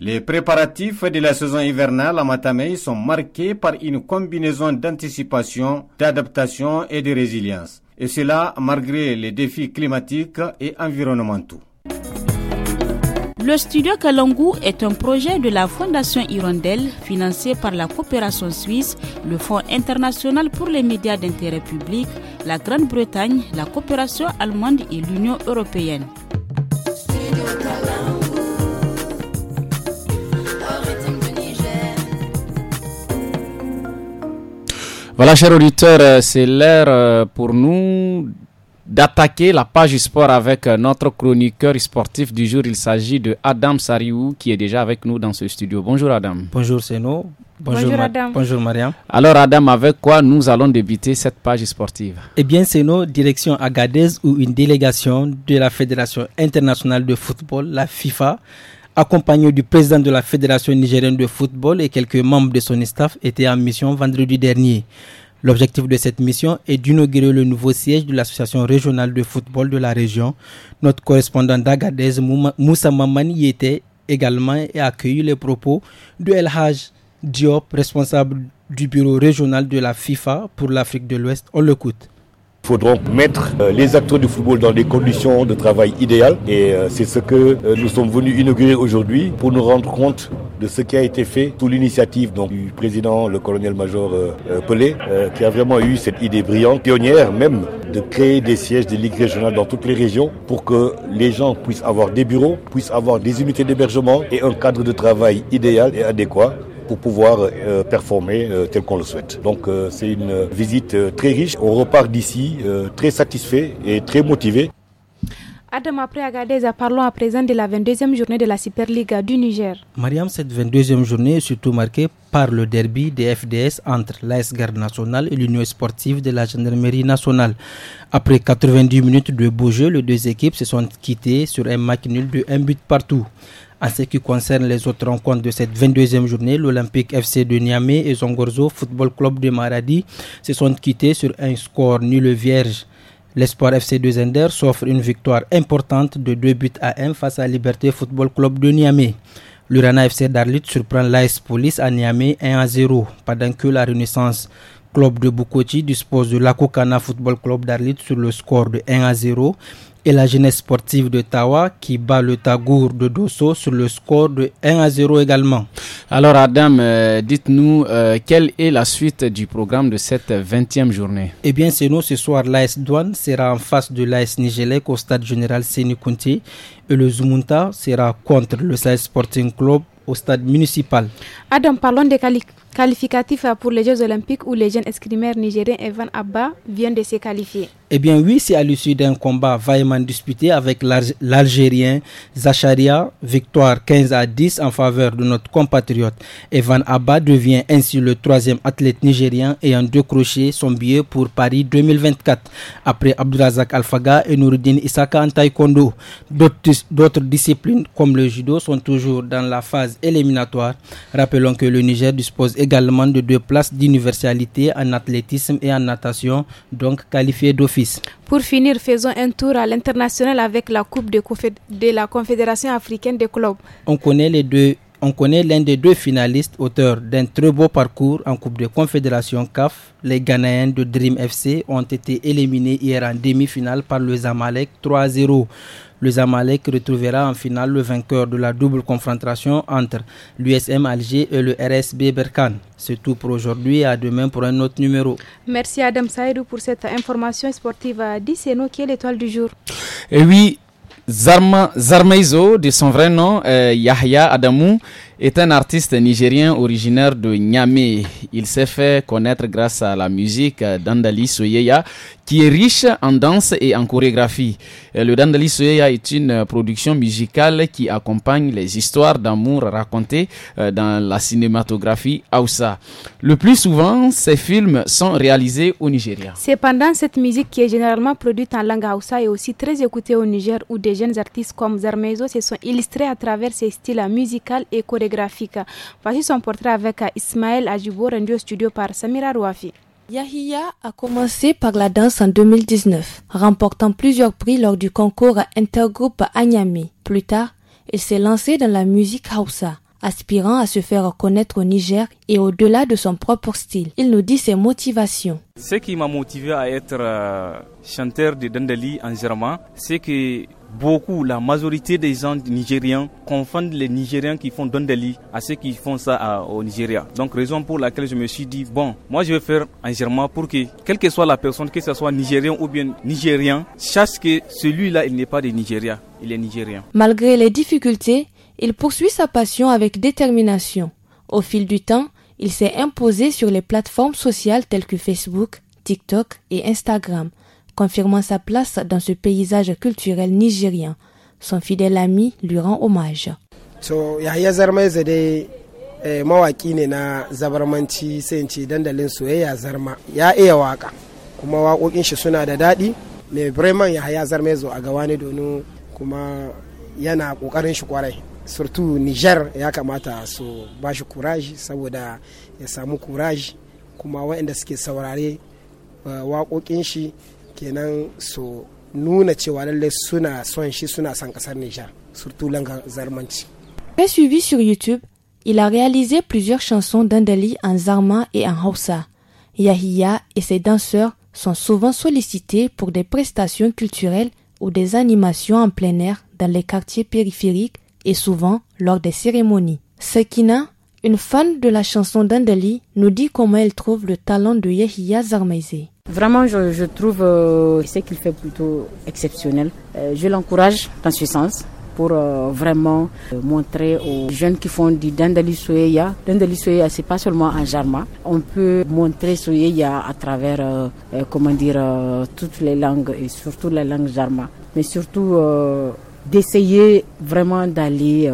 les préparatifs de la saison hivernale à Matamei sont marqués par une combinaison d'anticipation d'adaptation et de résilience et cela malgré les défis climatiques et environnementaux le studio Kalangu est un projet de la Fondation Hirondelle financé par la coopération suisse, le Fonds international pour les médias d'intérêt public, la Grande-Bretagne, la coopération allemande et l'Union européenne. Voilà, chers auditeurs, euh, c'est l'heure euh, pour nous d'attaquer la page sport avec euh, notre chroniqueur sportif du jour. Il s'agit de Adam Sariou qui est déjà avec nous dans ce studio. Bonjour Adam. Bonjour Seno. Bonjour, Bonjour, Adam. Bonjour Mariam. Alors Adam, avec quoi nous allons débuter cette page sportive Eh bien Seno, direction Agadez où une délégation de la Fédération internationale de football, la FIFA, accompagnée du président de la Fédération nigérienne de football et quelques membres de son staff, était en mission vendredi dernier. L'objectif de cette mission est d'inaugurer le nouveau siège de l'association régionale de football de la région. Notre correspondant d'Agadez, Moussa Mamani, y était également et a accueilli les propos de El Diop, responsable du bureau régional de la FIFA pour l'Afrique de l'Ouest. On l'écoute. Il faut donc mettre euh, les acteurs du football dans des conditions de travail idéales et euh, c'est ce que euh, nous sommes venus inaugurer aujourd'hui pour nous rendre compte de ce qui a été fait sous l'initiative donc du président, le colonel-major euh, euh, Pelé, euh, qui a vraiment eu cette idée brillante, pionnière même, de créer des sièges des ligues régionales dans toutes les régions pour que les gens puissent avoir des bureaux, puissent avoir des unités d'hébergement et un cadre de travail idéal et adéquat pour pouvoir performer tel qu'on le souhaite. Donc c'est une visite très riche. On repart d'ici très satisfait et très motivé. Adam, après Agadez, parlons à présent de la 22e journée de la Superliga du Niger. Mariam, cette 22e journée est surtout marquée par le derby des FDS entre l'AS Garde nationale et l'Union sportive de la Gendarmerie nationale. Après 90 minutes de beau jeu, les deux équipes se sont quittées sur un match nul de 1 but partout. En ce qui concerne les autres rencontres de cette 22e journée, l'Olympique FC de Niamey et Zongorzo Football Club de Maradi se sont quittés sur un score nul vierge. L'espoir FC2 Zender s'offre une victoire importante de 2 buts à 1 face à Liberté Football Club de Niamey. L'Urana FC d'Arlit surprend l'AS Police à Niamey 1 à 0, pendant que la Renaissance Club de Bukoti dispose de l'Akokana Football Club d'Arlit sur le score de 1 à 0 et la jeunesse sportive de Tawa qui bat le Tagour de Dosso sur le score de 1 à 0 également. Alors Adam, euh, dites-nous euh, quelle est la suite du programme de cette 20e journée Eh bien c'est nous ce soir l'AS Douane sera en face de l'AS Nigelec au stade général Séni et le Zumunta sera contre le Sahel Sporting Club au stade municipal. Adam, parlons des qualifications Qualificatif pour les Jeux Olympiques où les jeunes escrimeurs nigériens Evan Abba viennent de se qualifier. Eh bien oui, c'est à l'issue d'un combat vaillamment disputé avec l'Algérien Zacharia, victoire 15 à 10 en faveur de notre compatriote. Evan Abba devient ainsi le troisième athlète nigérien ayant décroché son billet pour Paris 2024, après Abdurazak Alfaga et Nouruddin Isaka en taekwondo. D'autres disciplines comme le judo sont toujours dans la phase éliminatoire. Rappelons que le Niger dispose également de deux places d'universalité en athlétisme et en natation, donc qualifiées d'office. Pour finir, faisons un tour à l'international avec la Coupe de, la Confédération africaine des clubs. On connaît les deux on connaît l'un des deux finalistes auteur d'un très beau parcours en Coupe de Confédération CAF. Les Ghanéens de Dream FC ont été éliminés hier en demi-finale par le Zamalek 3-0. Le Zamalek retrouvera en finale le vainqueur de la double confrontation entre l'USM Alger et le RSB Berkane. C'est tout pour aujourd'hui et à demain pour un autre numéro. Merci Adam Saïdou pour cette information sportive. Dites-nous qui est l'étoile du jour Et oui, Zarma, Zarmaizo, de son vrai nom, euh, Yahya Adamou, est un artiste nigérien originaire de Niamey. Il s'est fait connaître grâce à la musique d'Andali Soyeya, qui est riche en danse et en chorégraphie. Le Dandali Soyeya est une production musicale qui accompagne les histoires d'amour racontées euh, dans la cinématographie Hausa. Le plus souvent, ces films sont réalisés au Nigeria. Cependant, cette musique qui est généralement produite en langue Hausa est aussi très écoutée au Niger où des jeunes artistes comme Zarmezo se sont illustrés à travers ses styles musicaux et chorégraphiques graphique. Voici son portrait avec Ismaël Ajibo, rendu au studio par Samira Rouafi. Yahia a commencé par la danse en 2019, remportant plusieurs prix lors du concours intergroupe Anyami. Plus tard, il s'est lancé dans la musique Hausa, aspirant à se faire connaître au Niger et au-delà de son propre style. Il nous dit ses motivations. Ce qui m'a motivé à être euh, chanteur de Dandali en Germain, c'est que beaucoup, la majorité des gens nigériens confondent les Nigériens qui font Dondeli à ceux qui font ça au Nigeria. Donc, raison pour laquelle je me suis dit, bon, moi je vais faire un germain pour que, quelle que soit la personne, que ce soit Nigérien ou bien Nigérien, sache que celui-là, il n'est pas de Nigeria, il est Nigérien. Malgré les difficultés, il poursuit sa passion avec détermination. Au fil du temps, il s'est imposé sur les plateformes sociales telles que Facebook, TikTok et Instagram – confirmant sa place dans ce paysage culturel nigérien. Son fidèle ami lui rend hommage. So Yahya Zarmaiza eh, mawaki ne na zabarmanci sai in ce dandalin soyayya zarma ya iya waka kuma waƙoƙin shi suna da dadi mai bremen Yahya zo a gawa ne kuma yana kokarin shi kwarai surtu Niger ya kamata su ba shi saboda ya samu courage kuma waɗanda suke saurare eh, waƙoƙin shi kenan suivi sur YouTube, il a réalisé plusieurs chansons d'Andali en Zarma et en Hausa. Yahia et ses danseurs sont souvent sollicités pour des prestations culturelles ou des animations en plein air dans les quartiers périphériques et souvent lors des cérémonies. Sekina, une fan de la chanson d'Andali, nous dit comment elle trouve le talent de Yahia Zarmaizé. Vraiment, je, trouve euh, ce qu'il fait plutôt exceptionnel. Euh, je l'encourage dans ce sens pour euh, vraiment montrer aux jeunes qui font du Dandali Soyeya. Dandali Soyeya, c'est pas seulement un Jarma. On peut montrer Soyeya à travers, comment dire, toutes les langues et surtout la langue Jarma. Mais surtout, d'essayer vraiment d'aller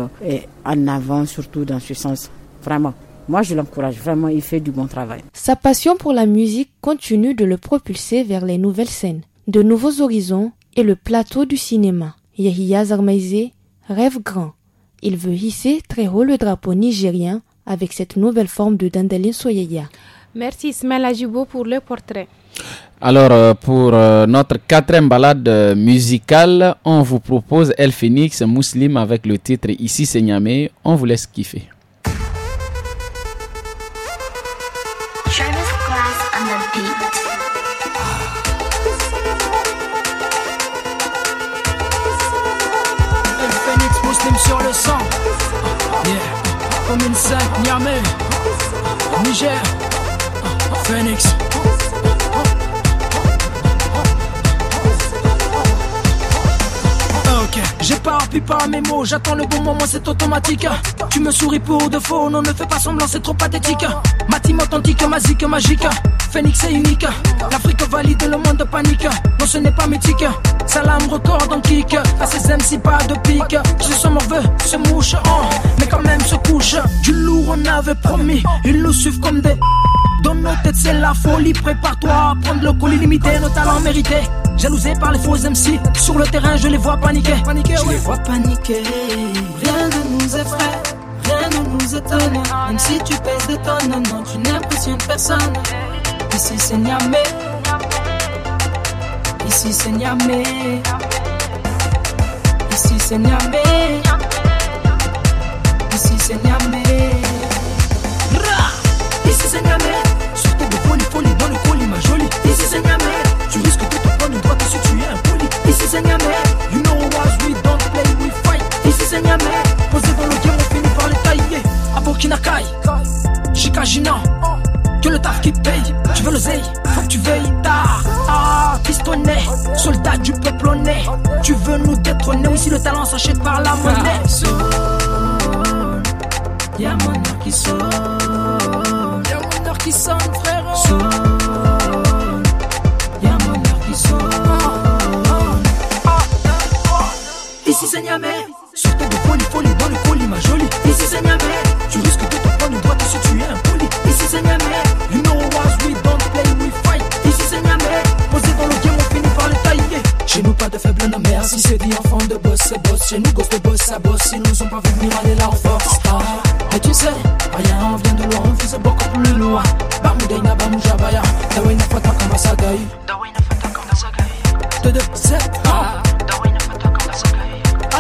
en avant, surtout dans ce sens. Vraiment. Moi, je l'encourage vraiment, il fait du bon travail. Sa passion pour la musique continue de le propulser vers les nouvelles scènes, de nouveaux horizons et le plateau du cinéma. Yahya Zarmaizé rêve grand. Il veut hisser très haut le drapeau nigérien avec cette nouvelle forme de dandeline Soyeya. Merci Ismaël Ajibo pour le portrait. Alors, euh, pour euh, notre quatrième balade euh, musicale, on vous propose El Phoenix Muslim avec le titre Ici c'est On vous laisse kiffer. 2005, 5, Niamey, Niger, Phoenix. J'ai pas mes mots, j'attends le bon moment, c'est automatique. Tu me souris pour de faux, non, ne fais pas semblant, c'est trop pathétique. Ma team authentique, magique, magique. Phoenix est unique. L'Afrique valide le monde panique. Non, ce n'est pas mythique. Salam record en kick. À ses MC, pas de pique. Je suis morveux, se mouche, oh, mais quand même se couche. Du lourd, on avait promis. Ils nous suivent comme des nos têtes, c'est la folie. Prépare-toi à prendre le colis limité, nos talents mérités. Jalousés par les faux MC. Sur le terrain, je les vois paniquer. je les vois paniquer. Rien ne nous effraie, rien ne nous étonne. Même si tu pèses des tonnes, non, tu n'impressionnes personne. Ici, c'est Niamé Ici, c'est Niamé Ici, c'est Niamé Ici, c'est Niamé Ici, c'est Niamé c'est Tu risques de te prendre une droite si tu es un poli. Ici c'est Niamey. You know what we don't play, we fight. Ici c'est Niamey. Posé dans le game, on finit par les tailler. À Burkina Kai, Chikajina. Que le taf qui paye. Tu veux l'oseille, faut que tu veilles tard. Ah, soldat du peuple honné, Tu veux nous détrôner. aussi le talent s'achète par la monnaie. Y'a mon or qui sonne, y'a mon or qui sonne, frère. Ici c'est Niamey. Sortez de folie, folie dans le folie, ma jolie. Ici c'est Niamey. Tu risques de te prendre une droite si tu es un poli. Ici c'est Niamey. You know what we don't play, we fight. Ici c'est Niamey. Posé dans le game, on finit par le tailler. Chez nous, pas de faible non mère. Si c'est dit enfant de boss, c'est boss. Chez nous, gosse de boss, ça bosse. Ils nous ont pas vu venir aller là en force. Ah, mais tu sais, rien, on vient de loin, on faisait beaucoup plus loin. Bamoudaina, Bamoujabaya. Dawaina, fata, kama sagaï. Dawaina, fata, kama sagaï. De deux, 7, ah.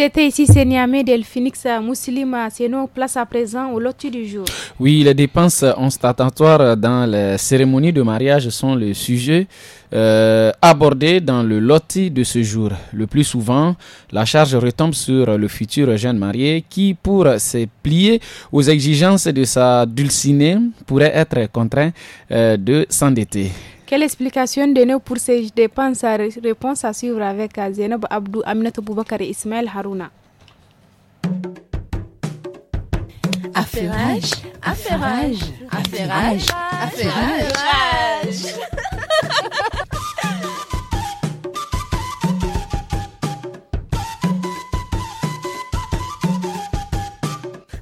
C'était ici, c'est Niamey Delphinix Moussilima. C'est nous, place à présent au loti du jour. Oui, les dépenses ostentatoires dans les cérémonies de mariage sont le sujet euh, abordé dans le loti de ce jour. Le plus souvent, la charge retombe sur le futur jeune marié qui, pour se plier aux exigences de sa dulcinée, pourrait être contraint euh, de s'endetter. Quelle explication donner pour ces dépenses Réponse à suivre avec euh, Zainab Abdou, Aminata Boubakar et Ismaël Harouna. Affairage, affairage, affairage, affairage.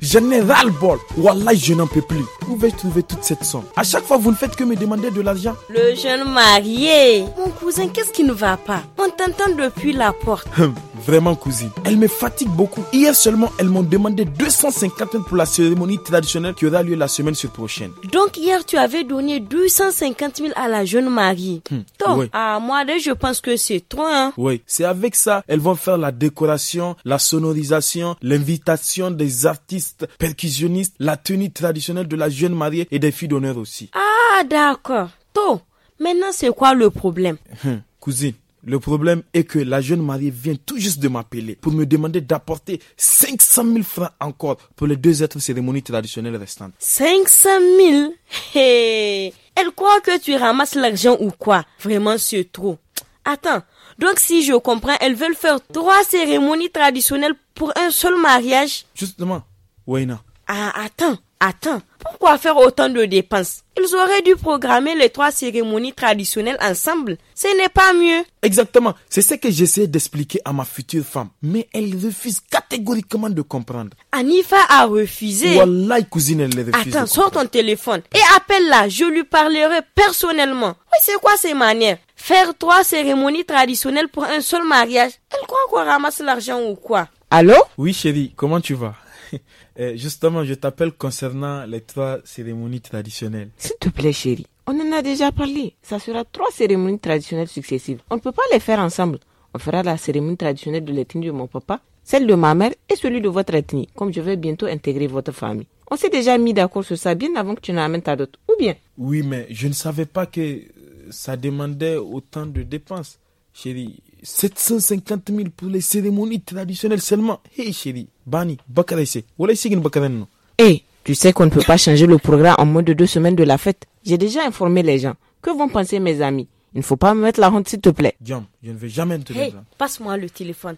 Je n'ai ras le bol. Wallah, je n'en peux plus. Où vais-je trouver toute cette somme À chaque fois, vous ne faites que me demander de l'argent. Le jeune marié. Mon cousin, qu'est-ce qui ne va pas On t'entend depuis la porte. Hum vraiment cousine. Elle me fatigue beaucoup. Hier seulement, elles m'ont demandé 250 000 pour la cérémonie traditionnelle qui aura lieu la semaine prochaine. Donc hier, tu avais donné 250 000 à la jeune mariée. Hmm, à moi, je pense que c'est toi. Hein. Oui, c'est avec ça, elles vont faire la décoration, la sonorisation, l'invitation des artistes percussionnistes, la tenue traditionnelle de la jeune mariée et des filles d'honneur aussi. Ah, d'accord. Toi, maintenant, c'est quoi le problème hmm, Cousine, le problème est que la jeune mariée vient tout juste de m'appeler pour me demander d'apporter 500 000 francs encore pour les deux autres cérémonies traditionnelles restantes. 500 000 Elle croit que tu ramasses l'argent ou quoi Vraiment, c'est trop. Attends, donc si je comprends, elles veulent faire trois cérémonies traditionnelles pour un seul mariage Justement, Wayna. Ah, attends. Attends, pourquoi faire autant de dépenses Ils auraient dû programmer les trois cérémonies traditionnelles ensemble. Ce n'est pas mieux. Exactement, c'est ce que j'essaie d'expliquer à ma future femme. Mais elle refuse catégoriquement de comprendre. Anifa a refusé. Wallah, cousine, elle refuse. Attends, sort ton téléphone et appelle-la. Je lui parlerai personnellement. Oui, c'est quoi ces manières Faire trois cérémonies traditionnelles pour un seul mariage Elle croit qu'on ramasse l'argent ou quoi Allô Oui, chérie, comment tu vas [LAUGHS] Eh, justement, je t'appelle concernant les trois cérémonies traditionnelles. S'il te plaît, chérie, on en a déjà parlé. Ça sera trois cérémonies traditionnelles successives. On ne peut pas les faire ensemble. On fera la cérémonie traditionnelle de l'ethnie de mon papa, celle de ma mère et celui de votre ethnie, comme je vais bientôt intégrer votre famille. On s'est déjà mis d'accord sur ça bien avant que tu n'amènes ta dot, ou bien Oui, mais je ne savais pas que euh, ça demandait autant de dépenses. Chérie, 750 000 pour les cérémonies traditionnelles seulement. Hé hey, chérie, Bani, Bakaraïse, Hé, eh, tu sais qu'on ne peut pas changer le programme en moins de deux semaines de la fête. J'ai déjà informé les gens. Que vont penser mes amis Il ne faut pas me mettre la honte, s'il te plaît. Diam, je ne vais jamais te hey, Passe-moi le téléphone.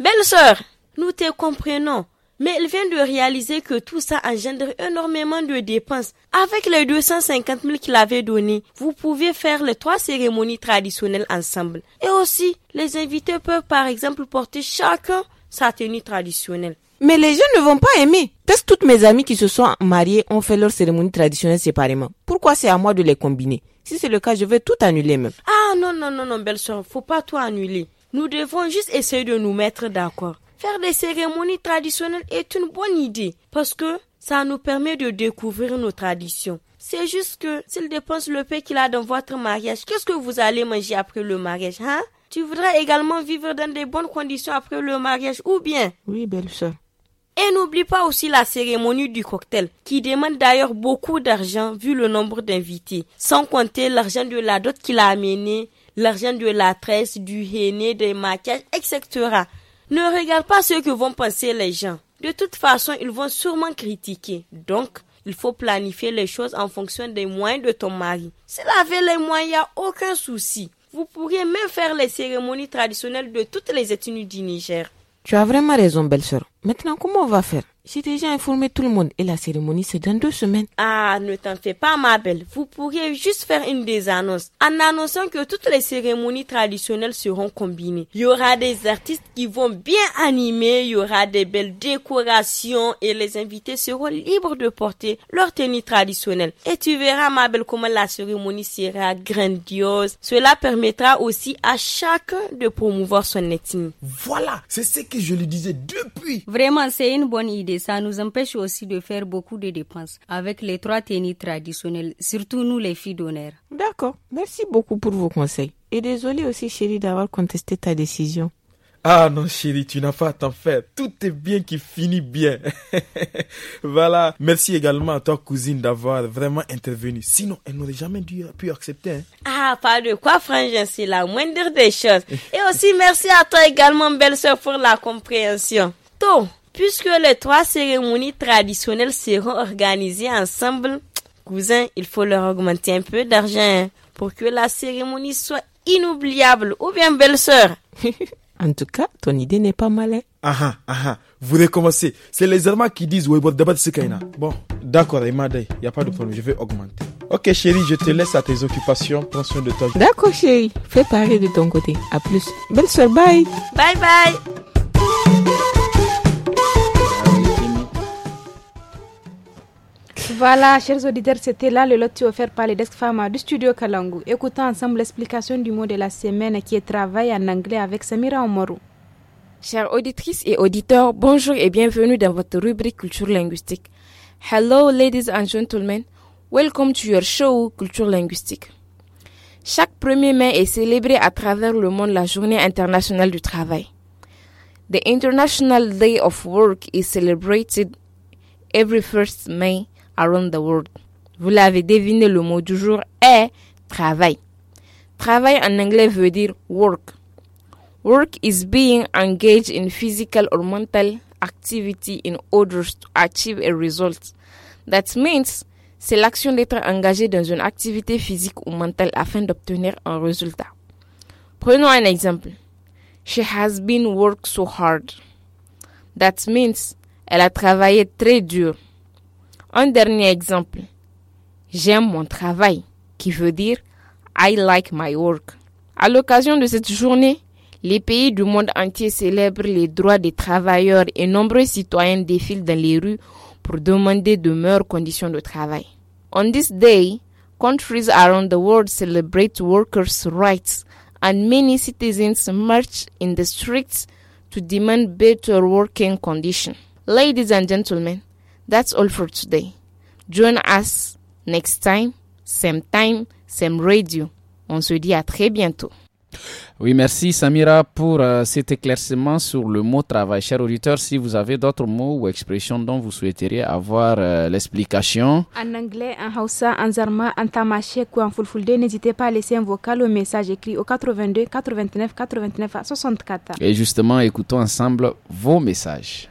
Belle sœur, nous te comprenons mais elle vient de réaliser que tout ça engendre énormément de dépenses. Avec les 250 000 qu'il avait donnés, vous pouvez faire les trois cérémonies traditionnelles ensemble. Et aussi, les invités peuvent par exemple porter chacun sa tenue traditionnelle. Mais les gens ne vont pas aimer. Parce toutes mes amies qui se sont mariées ont fait leur cérémonie traditionnelle séparément. Pourquoi c'est à moi de les combiner Si c'est le cas, je vais tout annuler même. Ah non, non, non, non, belle soeur, faut pas tout annuler. Nous devons juste essayer de nous mettre d'accord. Faire des cérémonies traditionnelles est une bonne idée parce que ça nous permet de découvrir nos traditions. C'est juste que s'il dépense le paix qu'il a dans votre mariage, qu'est-ce que vous allez manger après le mariage, hein? Tu voudras également vivre dans de bonnes conditions après le mariage ou bien? Oui, belle sœur. Et n'oublie pas aussi la cérémonie du cocktail, qui demande d'ailleurs beaucoup d'argent vu le nombre d'invités, sans compter l'argent de la dot qu'il a amené, l'argent de la tresse, du henné, des maquillages, etc. Ne regarde pas ce que vont penser les gens. De toute façon, ils vont sûrement critiquer. Donc, il faut planifier les choses en fonction des moyens de ton mari. Si avait les moyens, il n'y a aucun souci. Vous pourriez même faire les cérémonies traditionnelles de toutes les ethnies du Niger. Tu as vraiment raison, belle-sœur. Maintenant, comment on va faire J'ai déjà informé tout le monde et la cérémonie, c'est dans deux semaines. Ah, ne t'en fais pas, ma belle. Vous pourriez juste faire une des annonces en annonçant que toutes les cérémonies traditionnelles seront combinées. Il y aura des artistes qui vont bien animer, il y aura des belles décorations et les invités seront libres de porter leur tenue traditionnelle. Et tu verras, ma belle, comment la cérémonie sera grandiose. Cela permettra aussi à chacun de promouvoir son ethnie. Voilà, c'est ce que je lui disais depuis. Vraiment, c'est une bonne idée. Ça nous empêche aussi de faire beaucoup de dépenses avec les trois tenues traditionnelles, surtout nous les filles d'honneur. D'accord. Merci beaucoup pour vos conseils. Et désolé aussi, chérie, d'avoir contesté ta décision. Ah non chérie, tu n'as pas à t'en faire. Tout est bien qui finit bien. [LAUGHS] voilà. Merci également à toi cousine d'avoir vraiment intervenu. Sinon, elle n'aurait jamais dû, pu accepter. Hein. Ah, pas de quoi frangin, c'est la moindre des choses. Et aussi merci à toi également belle sœur pour la compréhension puisque les trois cérémonies traditionnelles seront organisées ensemble, cousin, il faut leur augmenter un peu d'argent pour que la cérémonie soit inoubliable ou bien belle sœur. [LAUGHS] en tout cas, ton idée n'est pas mal. Hein. Aha, ah, ah ah vous recommencez. C'est les Allemands qui disent oui, bon, d'accord, il n'y a pas de problème, je vais augmenter. Ok, chérie, je te laisse à tes occupations. Prends soin de toi. D'accord, chérie, fais pareil de ton côté. À plus. Belle sœur, bye. Bye bye. Voilà, chers auditeurs, c'était là le loti offert par les Desk Pharma du studio Kalangu. Écoutons ensemble l'explication du mot de la semaine qui est travail en anglais avec Samira Omoru. Chers auditrices et auditeurs, bonjour et bienvenue dans votre rubrique culture linguistique. Hello, ladies and gentlemen. Welcome to your show Culture linguistique. Chaque 1er mai est célébré à travers le monde la Journée internationale du travail. The International Day of Work is celebrated every 1st May around the world. Vous l'avez deviné, le mot du jour est travail. Travail en anglais veut dire work. Work is being engaged in physical or mental activity in order to achieve a result. That means c'est l'action d'être engagé dans une activité physique ou mentale afin d'obtenir un résultat. Prenons un exemple. She has been worked so hard. That means elle a travaillé très dur. Un dernier exemple. J'aime mon travail, qui veut dire I like my work. À l'occasion de cette journée, les pays du monde entier célèbrent les droits des travailleurs et nombreux citoyens défilent dans les rues pour demander de meilleures conditions de travail. On this day, countries around the world celebrate workers' rights and many citizens march in the streets to demand better working conditions. Ladies and gentlemen, That's all for today. Join us next time, same time, same radio. On se dit à très bientôt. Oui, merci Samira pour euh, cet éclaircissement sur le mot travail. Chers auditeurs, si vous avez d'autres mots ou expressions dont vous souhaiteriez avoir euh, l'explication. En anglais, en hausa, en zarma, en tamashek ou en fulfulde, n'hésitez pas à laisser un vocal ou message écrit au 82 89 89 64. Et justement, écoutons ensemble vos messages.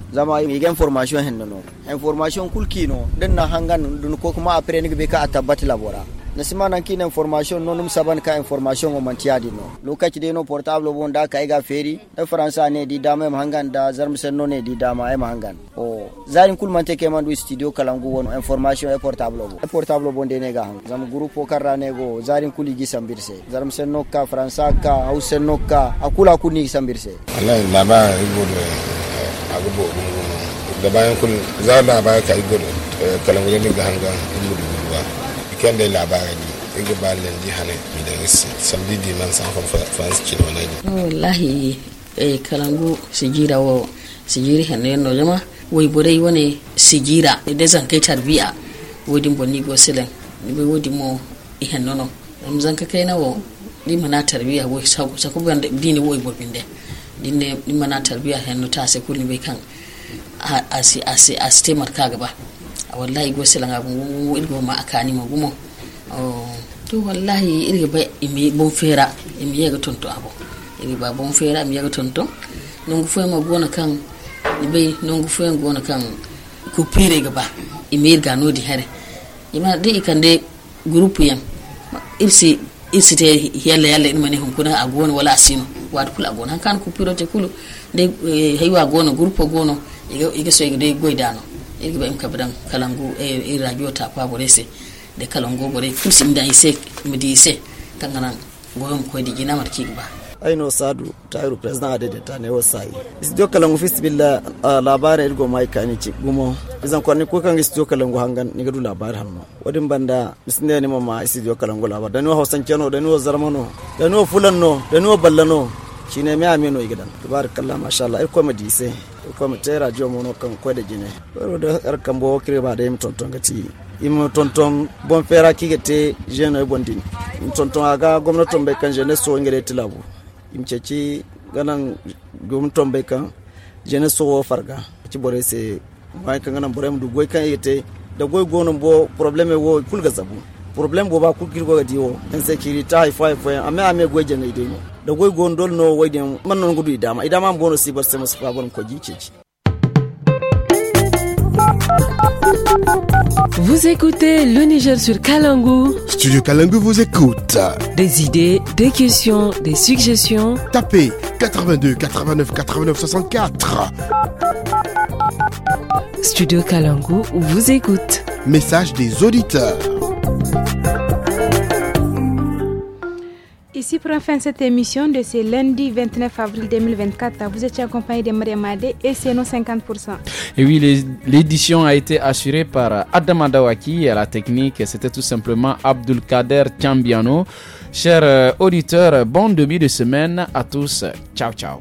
zama mi gen hen no information kulkino den na hangan dun ko kuma apre ni be ka atabati labora na sima nan kin information no num saban ka information o mantiya no lokaci de no portable bon da kai ga feri da faransa ne di dama em hangan da zarm sen no ne di dama em hangan o zarin kul man ke man studio kalangu won information e portable bon e portable bon de ne ga zam group o karra ne go zarin kul gi sambirse zarm sen no ka faransa ka hausen no ka akula kuni sambirse wallahi laba ibo eh. agbo da bayan kun za da ba ka igbo eh, kalan wajen ga hanga igbo da gudu ba ikan da labarin ne igbo ba lan ji hane mi da risi sabbi di man san fa fans ci da wani oh, wallahi eh kalangu sigira wo sigiri hande no jama wai burai wani sigira da zan kai tarbiya wodin ni go silen ni bai wodin mo ihen nono am zan kai na wo di mana tarbiya wo sa ko ban dini bo binde. dinne mana tarbiya hannu ta sai kulni bai kan a site ka gaba a wallahi go silanga go ilgo ma akani ma gumo oh, to wallahi ilgo bai imi bon fera imi yaga tonto abo imi ba bon fera imi yaga tonto nungu fo ma gona kan bai nungu fo ma gona kan ku pere gaba imi ga no di hare ima de ikande grupu yam ilsi ilsi te yalla yalla imani hunkuna a gona wala asino waɗ kula eh, gono han kan kuppirote kulu nde heywa gono groupe o gono ege so de goydano ege ɓa em kabadan kalangu e eh, radio ta pabo rese de kalangu bore kursi mda ise midi ise tanganan goyom di jinamat marki ba aino sadu tayru president adede ta ne wasai isdio kalangu fisbilla ah, labare irgo mai kanici gumo izan kwarni ko kan studio kalangu hangan ni gadu labar hanno wadin banda misne ne mama studio kalangu labar dani hausan keno dani zarmano dani fulanno dani ballano shine me amino igidan tabarakallah masha Allah irko ma dise irko ma tera jo mono kan ko da jine. ro da arkan bo kire ba da mutonton tonton gati imu tonton bon fera kigete gete jeno e bondin mutonton tonton aga gomnaton be kan jene so ngere tilabu imcheci ganan gomnaton be kan jene so farga ci bore se Vous écoutez le Niger sur Kalangu. Studio Kalangu vous écoute. Des idées, des questions, des suggestions. Tapez 82 89 89 64. Studio Kalangu vous écoute. Message des auditeurs. Ici prend fin cette émission de ce lundi 29 avril 2024. Vous étiez accompagné de Mariamade et c'est nos 50%. Et oui, l'édition a été assurée par Adam Adawaki à la technique. C'était tout simplement Abdulkader Kader Chambiano. Chers euh, auditeurs, bon début de semaine à tous. Ciao, ciao.